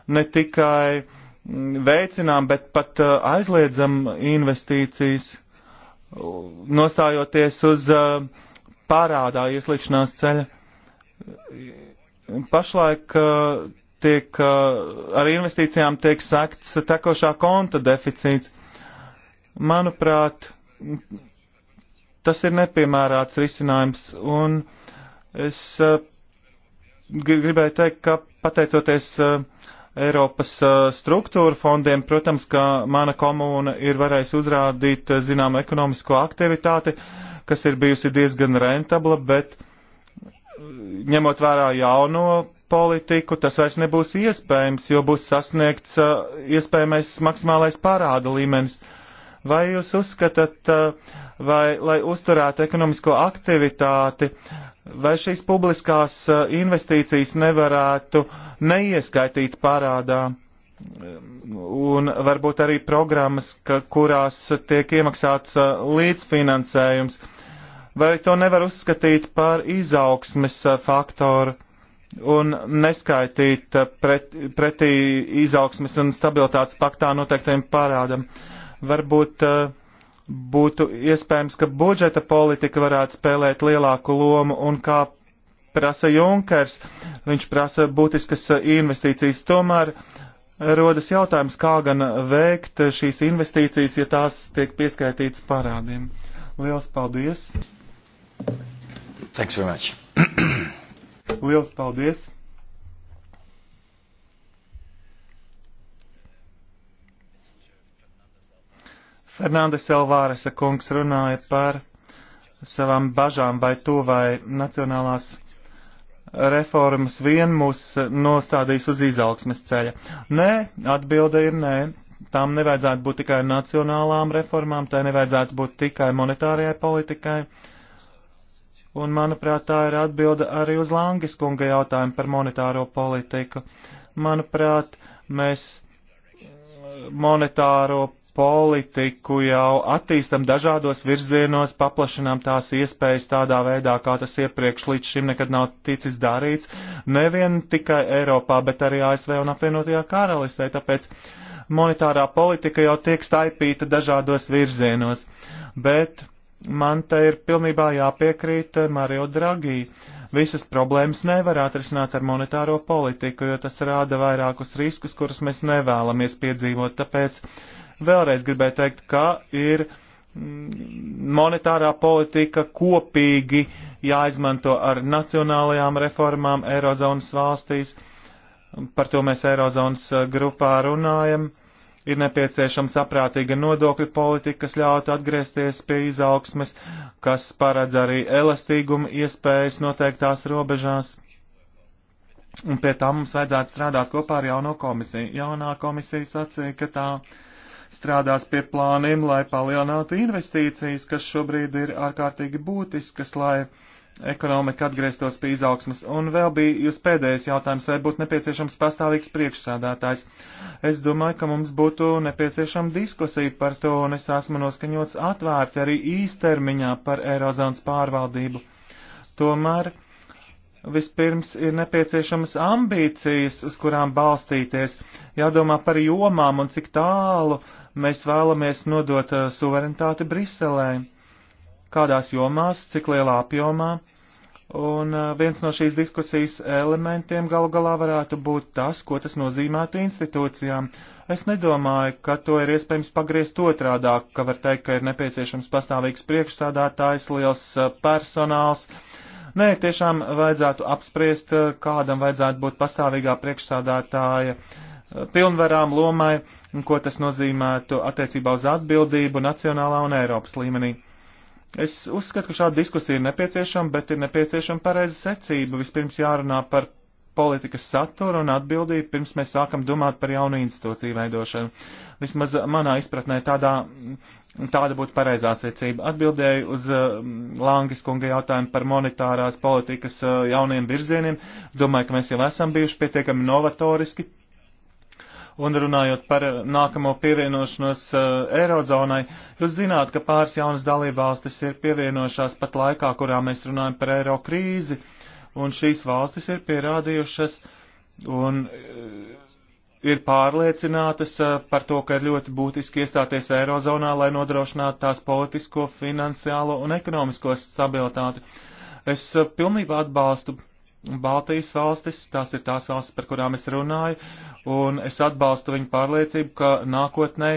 ne tikai mm, veicinām, bet pat eh, aizliedzam investīcijas nostājoties uz uh, pārādā ieslīgšanās ceļa. Pašlaik uh, tiek, uh, ar investīcijām tiek sekts tekošā konta deficīts. Manuprāt, tas ir nepiemērāts risinājums, un es gribēju teikt, ka pateicoties uh, Eiropas uh, struktūra fondiem, protams, ka mana komūna ir varējusi uzrādīt uh, zinām ekonomisko aktivitāti, kas ir bijusi diezgan rentabla, bet uh, ņemot vērā jauno politiku, tas vairs nebūs iespējams, jo būs sasniegts iespējamais maksimālais parāda līmenis. Vai jūs uzskatāt, vai, lai uzturētu ekonomisko aktivitāti, Vai šīs publiskās eh, investīcijas nevarētu neieskaitīt parādā? Un varbūt arī programmas, ka, kurās tiek iemaksāts eh, līdzfinansējums. Vai to nevar uzskatīt par izaugsmes eh, faktoru? un neskaitīt pret, pretī izaugsmes un stabilitātes paktā noteiktajiem parādam. Varbūt uh, būtu iespējams, ka budžeta politika varētu spēlēt lielāku lomu un kā prasa Junkers, viņš prasa būtiskas uh, investīcijas. Tomēr uh, rodas jautājums, kā gan veikt uh, šīs investīcijas, ja tās tiek pieskaitītas parādiem. Liels paldies! Thanks very much. Liels paldies! Fernandes Elvāresa kungs runāja par savām bažām vai to, vai nacionālās reformas vien mūs nostādīs uz izaugsmes ceļa. Nē, atbilde ir nē. Tām nevajadzētu būt tikai nacionālām reformām, tai nevajadzētu būt tikai monetārajai politikai. Un, manuprāt, tā ir atbilde arī uz Langis kunga jautājumu par monetāro politiku. Manuprāt, mēs monetāro politiku jau attīstam dažādos virzienos, paplašinām tās iespējas tādā veidā, kā tas iepriekš līdz šim nekad nav ticis darīts, nevien tikai Eiropā, bet arī ASV un apvienotajā karalistē, tāpēc monetārā politika jau tiek staipīta dažādos virzienos. Bet man te ir pilnībā jāpiekrīt Mario Dragī. Visas problēmas nevar atrisināt ar monetāro politiku, jo tas rāda vairākus riskus, kurus mēs nevēlamies piedzīvot, tāpēc Vēlreiz gribēju teikt, ka ir mm, monetārā politika kopīgi jāizmanto ar nacionālajām reformām Eirozonas valstīs. Par to mēs Eirozonas eh, grupā runājam. Ir nepieciešama saprātīga nodokļu politika, kas ļautu atgriezties pie izaugsmes, kas paredz arī elastīgumu iespējas noteiktās robežās. Un pie tā mums vajadzētu strādāt kopā ar jauno komisiju. Jaunā komisija sacīja, ka tā strādās pie plāniem, lai palielinātu investīcijas, kas šobrīd ir ārkārtīgi būtiskas, lai ekonomika atgrieztos pie izaugsmas. Un vēl bija jūs pēdējais jautājums, vai būtu nepieciešams pastāvīgs priekšsādātājs. Es domāju, ka mums būtu nepieciešama diskusija par to, un es esmu noskaņots atvērti arī īstermiņā par Eirozonas pārvaldību. Tomēr vispirms ir nepieciešamas ambīcijas, uz kurām balstīties, jādomā par jomām un cik tālu mēs vēlamies nodot eh, suverenitāti Briselē, kādās jomās, cik lielā apjomā. Un eh, viens no šīs diskusijas elementiem galu galā varētu būt tas, ko tas nozīmētu institūcijām. Es nedomāju, ka to ir iespējams pagriezt otrādāk, ka var teikt, ka ir nepieciešams pastāvīgs priekšstādātājs, liels eh, personāls. Nē, tiešām vajadzētu apspriest, kādam vajadzētu būt pastāvīgā priekšstādātāja uh, pilnvarām lomai, ko tas nozīmētu attiecībā uz atbildību nacionālā un Eiropas līmenī. Es uzskatu, ka šāda diskusija ir nepieciešama, bet ir nepieciešama pareiza secība. Vispirms jārunā par politikas saturu un atbildību, pirms mēs sākam domāt par jaunu institūciju veidošanu. Vismaz manā izpratnē tādā, tāda būtu pareizā secība. Atbildēju uz uh, Langas kunga jautājumu par monetārās politikas uh, jauniem virzieniem. Domāju, ka mēs jau esam bijuši pietiekami novatoriski, Un runājot par eh, nākamo pievienošanos eh, Eirozonai, jūs zināt, ka pāris jaunas dalībvalstis ir pievienojušās pat laikā, kurā mēs runājam par eiro krīzi, un šīs valstis ir pierādījušas un eh, ir pārliecinātas par to, ka ir ļoti būtiski iestāties Eirozonā, lai nodrošinātu tās politisko, finansiālo un ekonomisko stabilitāti. Es pilnībā atbalstu Baltijas valstis, tās ir tās valstis, par kurām es runāju, un es atbalstu viņu pārliecību, ka nākotnē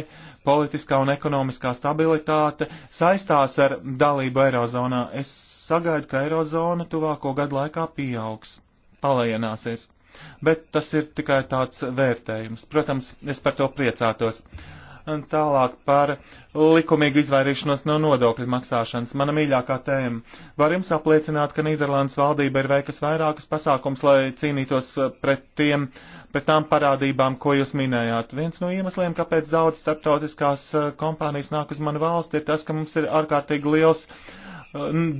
politiskā un ekonomiskā stabilitāte saistās ar dalību Eirozonā. Es sagaidu, ka Eirozona tuvāko gadu laikā pieaugs, palienāsies. Bet tas ir tikai tāds vērtējums. Protams, es par to priecātos. Uh, Un tālāk par likumīgu izvairīšanos no nodokļu maksāšanas. Mana mīļākā tēma. Var jums apliecināt, ka Nīderlandes valdība ir veikas vairākas pasākums, lai cīnītos uh, pret, tiem, pret tām parādībām, ko jūs minējāt. Viens no iemesliem, kāpēc daudz starptautiskās uh, kompānijas nāk uz manu valsti, ir tas, ka mums ir ārkārtīgi liels uh,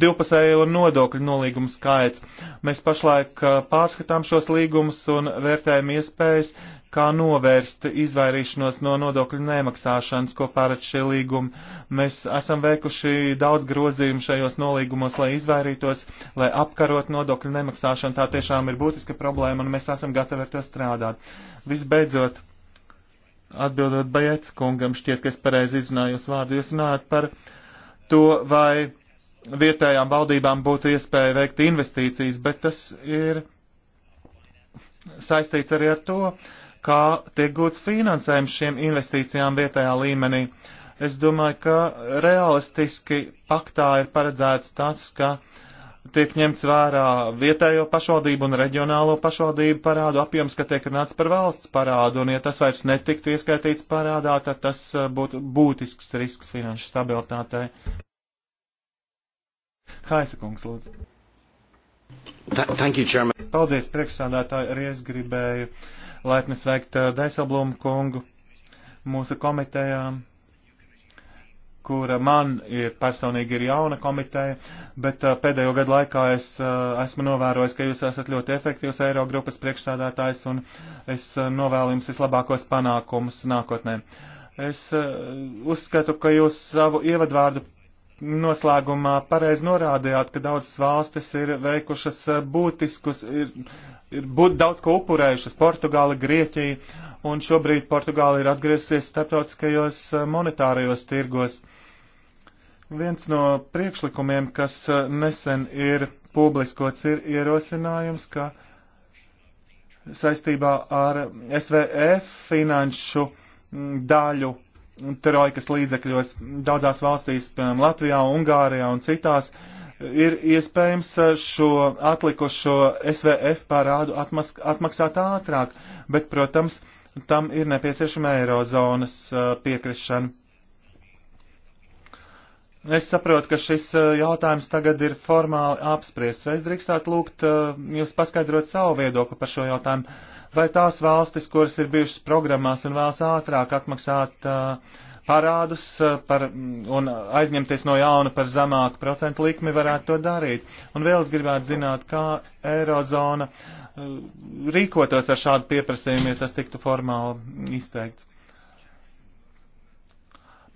divpusējo nodokļu nolīgumu skaits. Mēs pašlaik pārskatām šos līgumus un vērtējam iespējas, kā novērst izvairīšanos no nodokļu nemaksāšanas, ko pārēc šie līgumi. Mēs esam veikuši daudz grozījumu šajos nolīgumos, lai izvairītos, lai apkarot nodokļu nemaksāšanu. Tā tiešām ir būtiska problēma un mēs esam gatavi ar to strādāt. Visbeidzot, atbildot Bajets kungam, šķiet, ka es pareizi izrunāju jūsu vārdu, jūs runājat par to, vai vietējām valdībām būtu iespēja veikt investīcijas, bet tas ir saistīts arī ar to, kā tiek gūts finansējums šiem investīcijām vietējā līmenī. Es domāju, ka realistiski paktā ir paredzēts tas, ka tiek ņemts vērā vietējo pašvaldību un reģionālo pašvaldību parādu apjoms, ka tiek runāts par valsts parādu, un ja tas vairs netiktu ieskaitīts parādā, tad tas eh, būtu būtisks risks finanšu stabilitātei. Haisa kungs, lūdzu. Thank you, Chairman. Paldies, priekšsādātāji. Arī es gribēju laipni sveikt Daiselblumu kungu mūsu komitejām kura man ir personīgi ir jauna komiteja, bet uh, pēdējo gadu laikā es uh, esmu novērojis, ka jūs esat ļoti efektīvs Eirogrupas priekšsādātājs un es uh, novēlu jums vislabākos panākumus nākotnē. Es uh, uzskatu, ka jūs savu ievadvārdu noslēgumā pareizi norādījāt, ka daudzas valstis ir veikušas eh, būtiskus, ir, ir būt daudz ko upurējušas - Portugāla, Grieķija, un šobrīd Portugāla ir atgriezusies starptautiskajos eh, monetārajos tirgos. Viens no priekšlikumiem, kas eh, nesen ir publiskots, ir ierosinājums, ka saistībā ar SVF finanšu daļu trojkas līdzekļos daudzās valstīs, piemēram, Latvijā, Ungārijā un citās, ir iespējams eh, šo atlikušo SVF parādu atmask, atmaksāt ātrāk, bet, protams, tam ir nepieciešama eirozonas eh, piekrišana. Es saprotu, ka šis eh, jautājums tagad ir formāli apspriests. Vai es drīkstētu lūgt eh, jūs paskaidrot savu viedokli par šo jautājumu? Vai tās valstis, kuras ir bijušas programmās un vēlas ātrāk atmaksāt eh, parādus par, un aizņemties no jauna par zemāku procentu likmi, varētu to darīt? Un vēl es gribētu zināt, kā Eirozona rīkotos ar šādu pieprasījumu, ja tas tiktu formāli izteikts.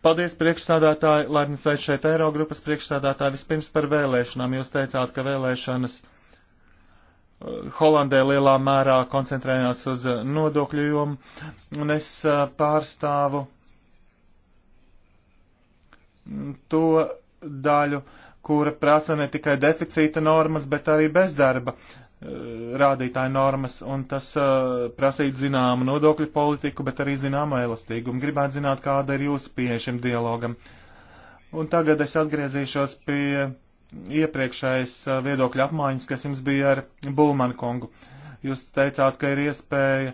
Paldies priekšsādātāji, laipni sveic šeit Eirogrupas priekšsādātāji. Vispirms par vēlēšanām. Jūs teicāt, ka vēlēšanas uh, Holandē lielā mērā koncentrējās uz uh, nodokļu jomu, un es uh, pārstāvu mm, to daļu, kura prasa ne tikai deficīta normas, bet arī bezdarba Eh, rādītāju normas, un tas uh, prasītu zināmu nodokļu politiku, bet arī zināmu elastīgumu. Gribētu zināt, kāda ir jūsu pieeja šim dialogam. Un tagad es atgriezīšos pie iepriekšējas eh, viedokļa apmaiņas, kas jums bija ar Bulmanu kungu. Jūs teicāt, ka ir iespēja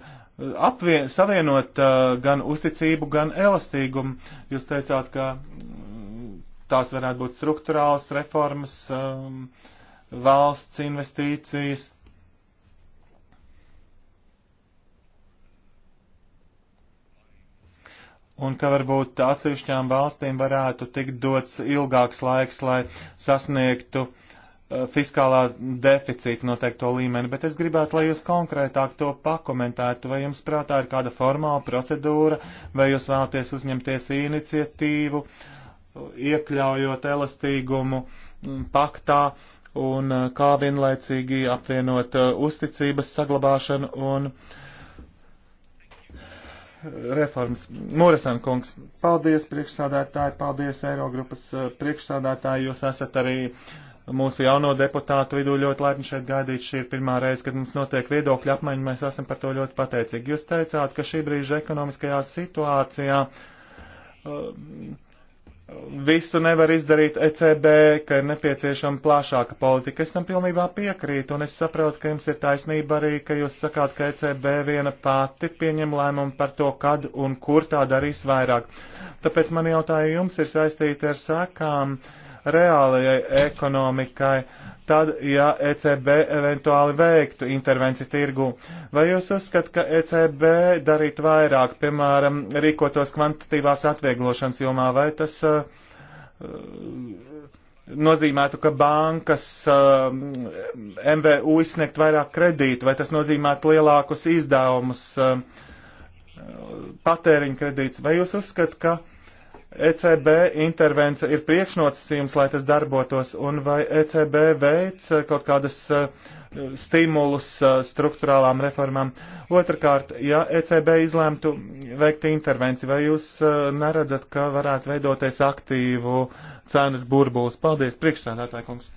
apvien, savienot uh, gan uzticību, gan elastīgumu. Jūs teicāt, ka mm, tās varētu būt struktūrāls reformas, um, valsts investīcijas, un ka varbūt atsevišķām valstīm varētu tikt dots ilgāks laiks, lai sasniegtu eh, fiskālā deficīta noteikto līmeni, bet es gribētu, lai jūs konkrētāk to pakomentētu, vai jums prātā ir kāda formāla procedūra, vai jūs vēlaties uzņemties iniciatīvu, iekļaujot elastīgumu mm, paktā, un eh, kā vienlaicīgi apvienot eh, uzticības saglabāšanu un uh, reformas. Moresan kungs, paldies priekšsādātāji, paldies Eirogrupas eh, priekšsādātāji, jūs esat arī mūsu jauno deputātu vidū ļoti laipni šeit gaidīt. Šī ir pirmā reize, kad mums notiek viedokļa apmaiņa, mēs esam par to ļoti pateicīgi. Jūs teicāt, ka šī brīža ekonomiskajā situācijā. Uh, visu nevar izdarīt ECB, ka ir nepieciešama plašāka politika. Es tam pilnībā piekrītu, un es saprotu, ka jums ir taisnība arī, ka jūs sakāt, ka ECB viena pati pieņem lēmumu par to, kad un kur tā darīs vairāk. Tāpēc mani jautājumi jums ir saistīti ar sākām. Uh, reālajai ekonomikai, tad, ja ECB eventuāli veiktu intervenciju tirgu? Vai jūs uzskat, ka ECB darītu vairāk, piemēram, rīkotos kvantitīvās atvieglošanas jomā, vai tas uh, nozīmētu, ka bankas uh, MVU izsniegt vairāk kredītu, vai tas nozīmētu lielākus izdevumus, uh, patēriņa kredītus, vai jūs uzskat, ka uh, ECB intervence ir priekšnosacījums, lai tas darbotos, un vai ECB veic eh, kaut kādas eh, stimulus eh, struktūrālām reformām? Otrakārt, ja ECB izlēmtu veikt intervenciju, vai jūs neredzat, ka varētu veidoties aktīvu cenas burbulis? Paldies, priekšstādātāji kungs!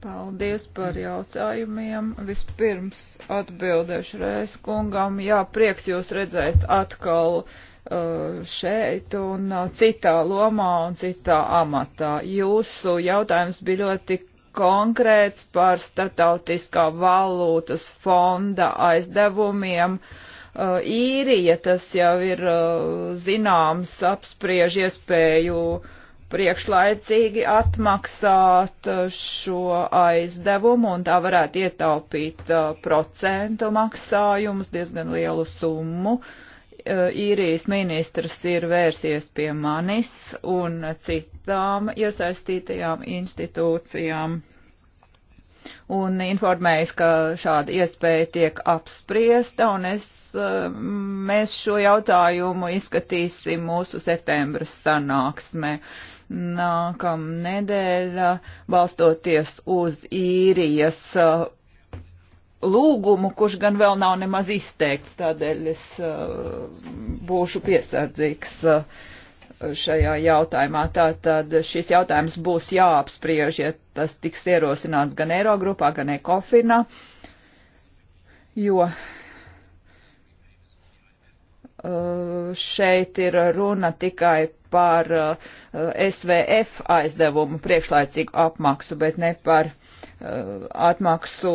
Paldies par jautājumiem. Vispirms atbildēšu reiz kungam. Jā, prieks jūs redzēt atkal. Uh, Uh, šeit un uh, citā lomā un citā amatā. Jūsu jautājums bija ļoti konkrēts par startautiskā valūtas fonda aizdevumiem. Uh, īrija tas jau ir zināms, apspriež iespēju priekšlaicīgi atmaksāt šo aizdevumu, un tā varētu ietaupīt procentu maksājumus diezgan lielu summu. Uh, Eh, īrijas ministrs ir vērsies pie manis un citām iesaistītajām institūcijām un informējis, ka šāda iespēja tiek apspriesta, un es, eh, mēs šo jautājumu izskatīsim mūsu septembra sanāksmē. Nākam nedēļa, eh, balstoties uz īrijas lūgumu, kurš gan vēl nav nemaz izteikts, tādēļ es uh, būšu piesardzīgs uh, šajā jautājumā. Tātad šis jautājums būs jāapspriež, ja tas tiks ierosināts gan Eirogrupā, gan Ekofinā, jo uh, šeit ir runa tikai par uh, SVF aizdevumu priekšlaicīgu apmaksu, bet ne par uh, atmaksu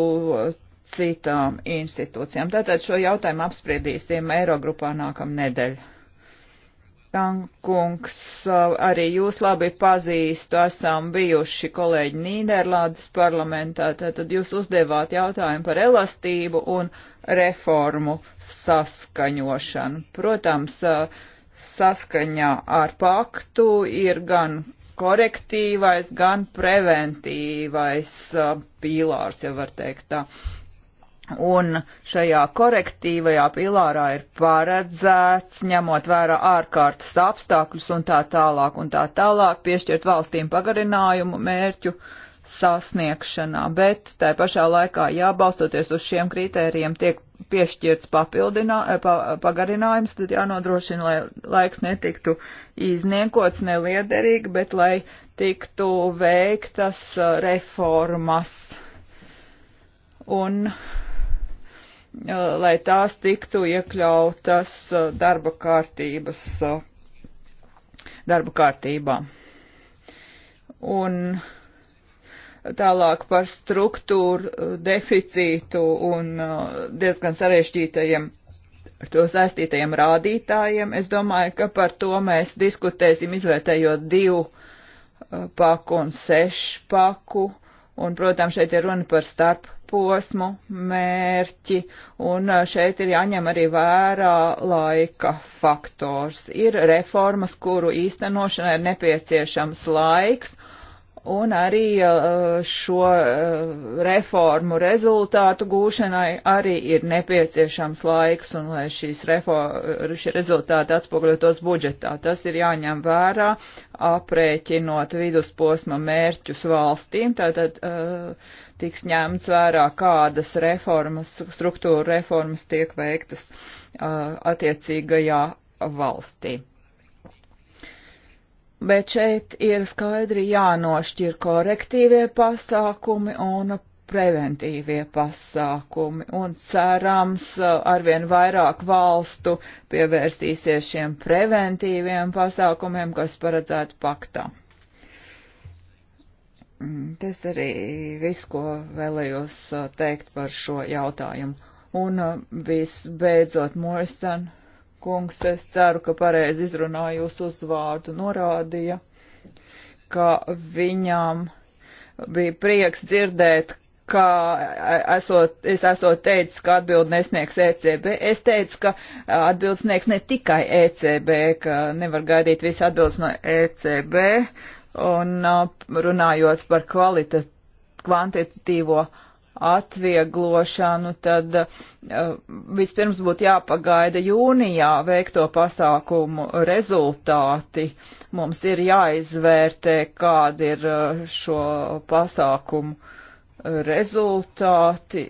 citām institūcijām. Tātad šo jautājumu apspriedīsim Eirogrupā nākamnedēļ. Tankungs, uh, arī jūs labi pazīstu, esam bijuši kolēģi Nīderlandes parlamentā, tad jūs uzdevāt jautājumu par elastību un reformu saskaņošanu. Protams, uh, saskaņā ar paktu ir gan korektīvais, gan preventīvais uh, pīlārs, ja var teikt tā. Un šajā korektīvajā pilārā ir paredzēts, ņemot vērā ārkārtas apstākļus un tā tālāk un tā tālāk, piešķirt valstīm pagarinājumu mērķu sasniegšanā, bet tā pašā laikā jābalstoties uz šiem kritērijiem tiek piešķirts papildinā, eh, pa, pagarinājums, tad jānodrošina, lai laiks netiktu izniekots neliederīgi, bet lai tiktu veiktas eh, reformas. Un uh, Uh, lai tās tiktu iekļautas uh, darba kārtības, uh, darba kārtībā. Un tālāk par struktūru deficītu un diezgan sarežģītajiem ar to saistītajiem rādītājiem. Es domāju, ka par to mēs diskutēsim izvērtējot divu paku un sešu paku. Uh, Un, protams, šeit ir runa par starp posmu mērķi, un eh, šeit ir jāņem arī vērā laika faktors. Ir reformas, kuru īstenošanai ir nepieciešams laiks, un arī uh, šo uh, reformu rezultātu gūšanai arī ir nepieciešams laiks, un lai šīs šie rezultāti atspoguļotos budžetā. Tas ir jāņem vērā, aprēķinot vidusposma mērķus valstīm, tātad uh, tiks ņemts vērā, kādas reformas, struktūra reformas tiek veiktas attiecīgajā valstī bet šeit ir skaidri jānošķir korektīvie pasākumi un preventīvie pasākumi, un cerams eh, arvien vairāk valstu pievērsīsies šiem preventīviem pasākumiem, kas paredzēti paktā. Mm, tas arī viss, ko vēlējos eh, teikt par šo jautājumu. Un eh, visbeidzot, Morrison kungs, es ceru, ka pareizi izrunāju jūsu uzvārdu, norādīja, ka viņām bija prieks dzirdēt, ka esot, es esot teicis, ka atbildi nesniegs ECB. Es teicu, ka atbildi sniegs ne tikai ECB, ka nevar gaidīt visu atbildes no ECB. Un uh, runājot par kvalitatīvo atvieglošanu, tad eh, vispirms būtu jāpagaida jūnijā veikto pasākumu rezultāti. Mums ir jāizvērtē, kāda ir eh, šo pasākumu eh, rezultāti,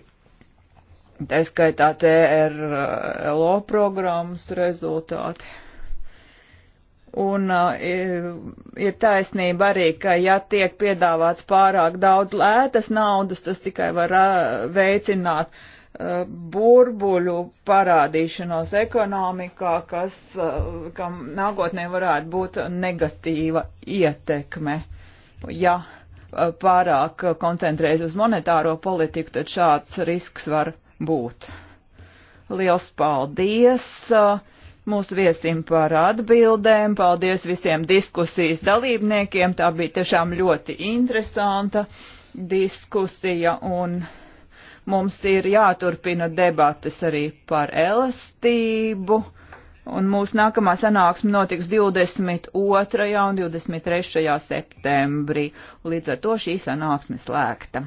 tā skaitā TRLO programmas rezultāti. Un uh, ir taisnība arī, ka ja tiek piedāvāts pārāk daudz lētas naudas, tas tikai var uh, veicināt uh, burbuļu parādīšanos ekonomikā, kas, uh, kam nākotnē varētu būt negatīva ietekme. Ja uh, pārāk koncentrējas uz monetāro politiku, tad šāds risks var būt. Liels paldies! Uh, mūsu viesim par atbildēm. Paldies visiem diskusijas dalībniekiem. Tā bija tiešām ļoti interesanta diskusija un mums ir jāturpina debates arī par elastību. Un mūsu nākamā sanāksme notiks 22. un 23. septembrī. Līdz ar to šī sanāksme slēgta.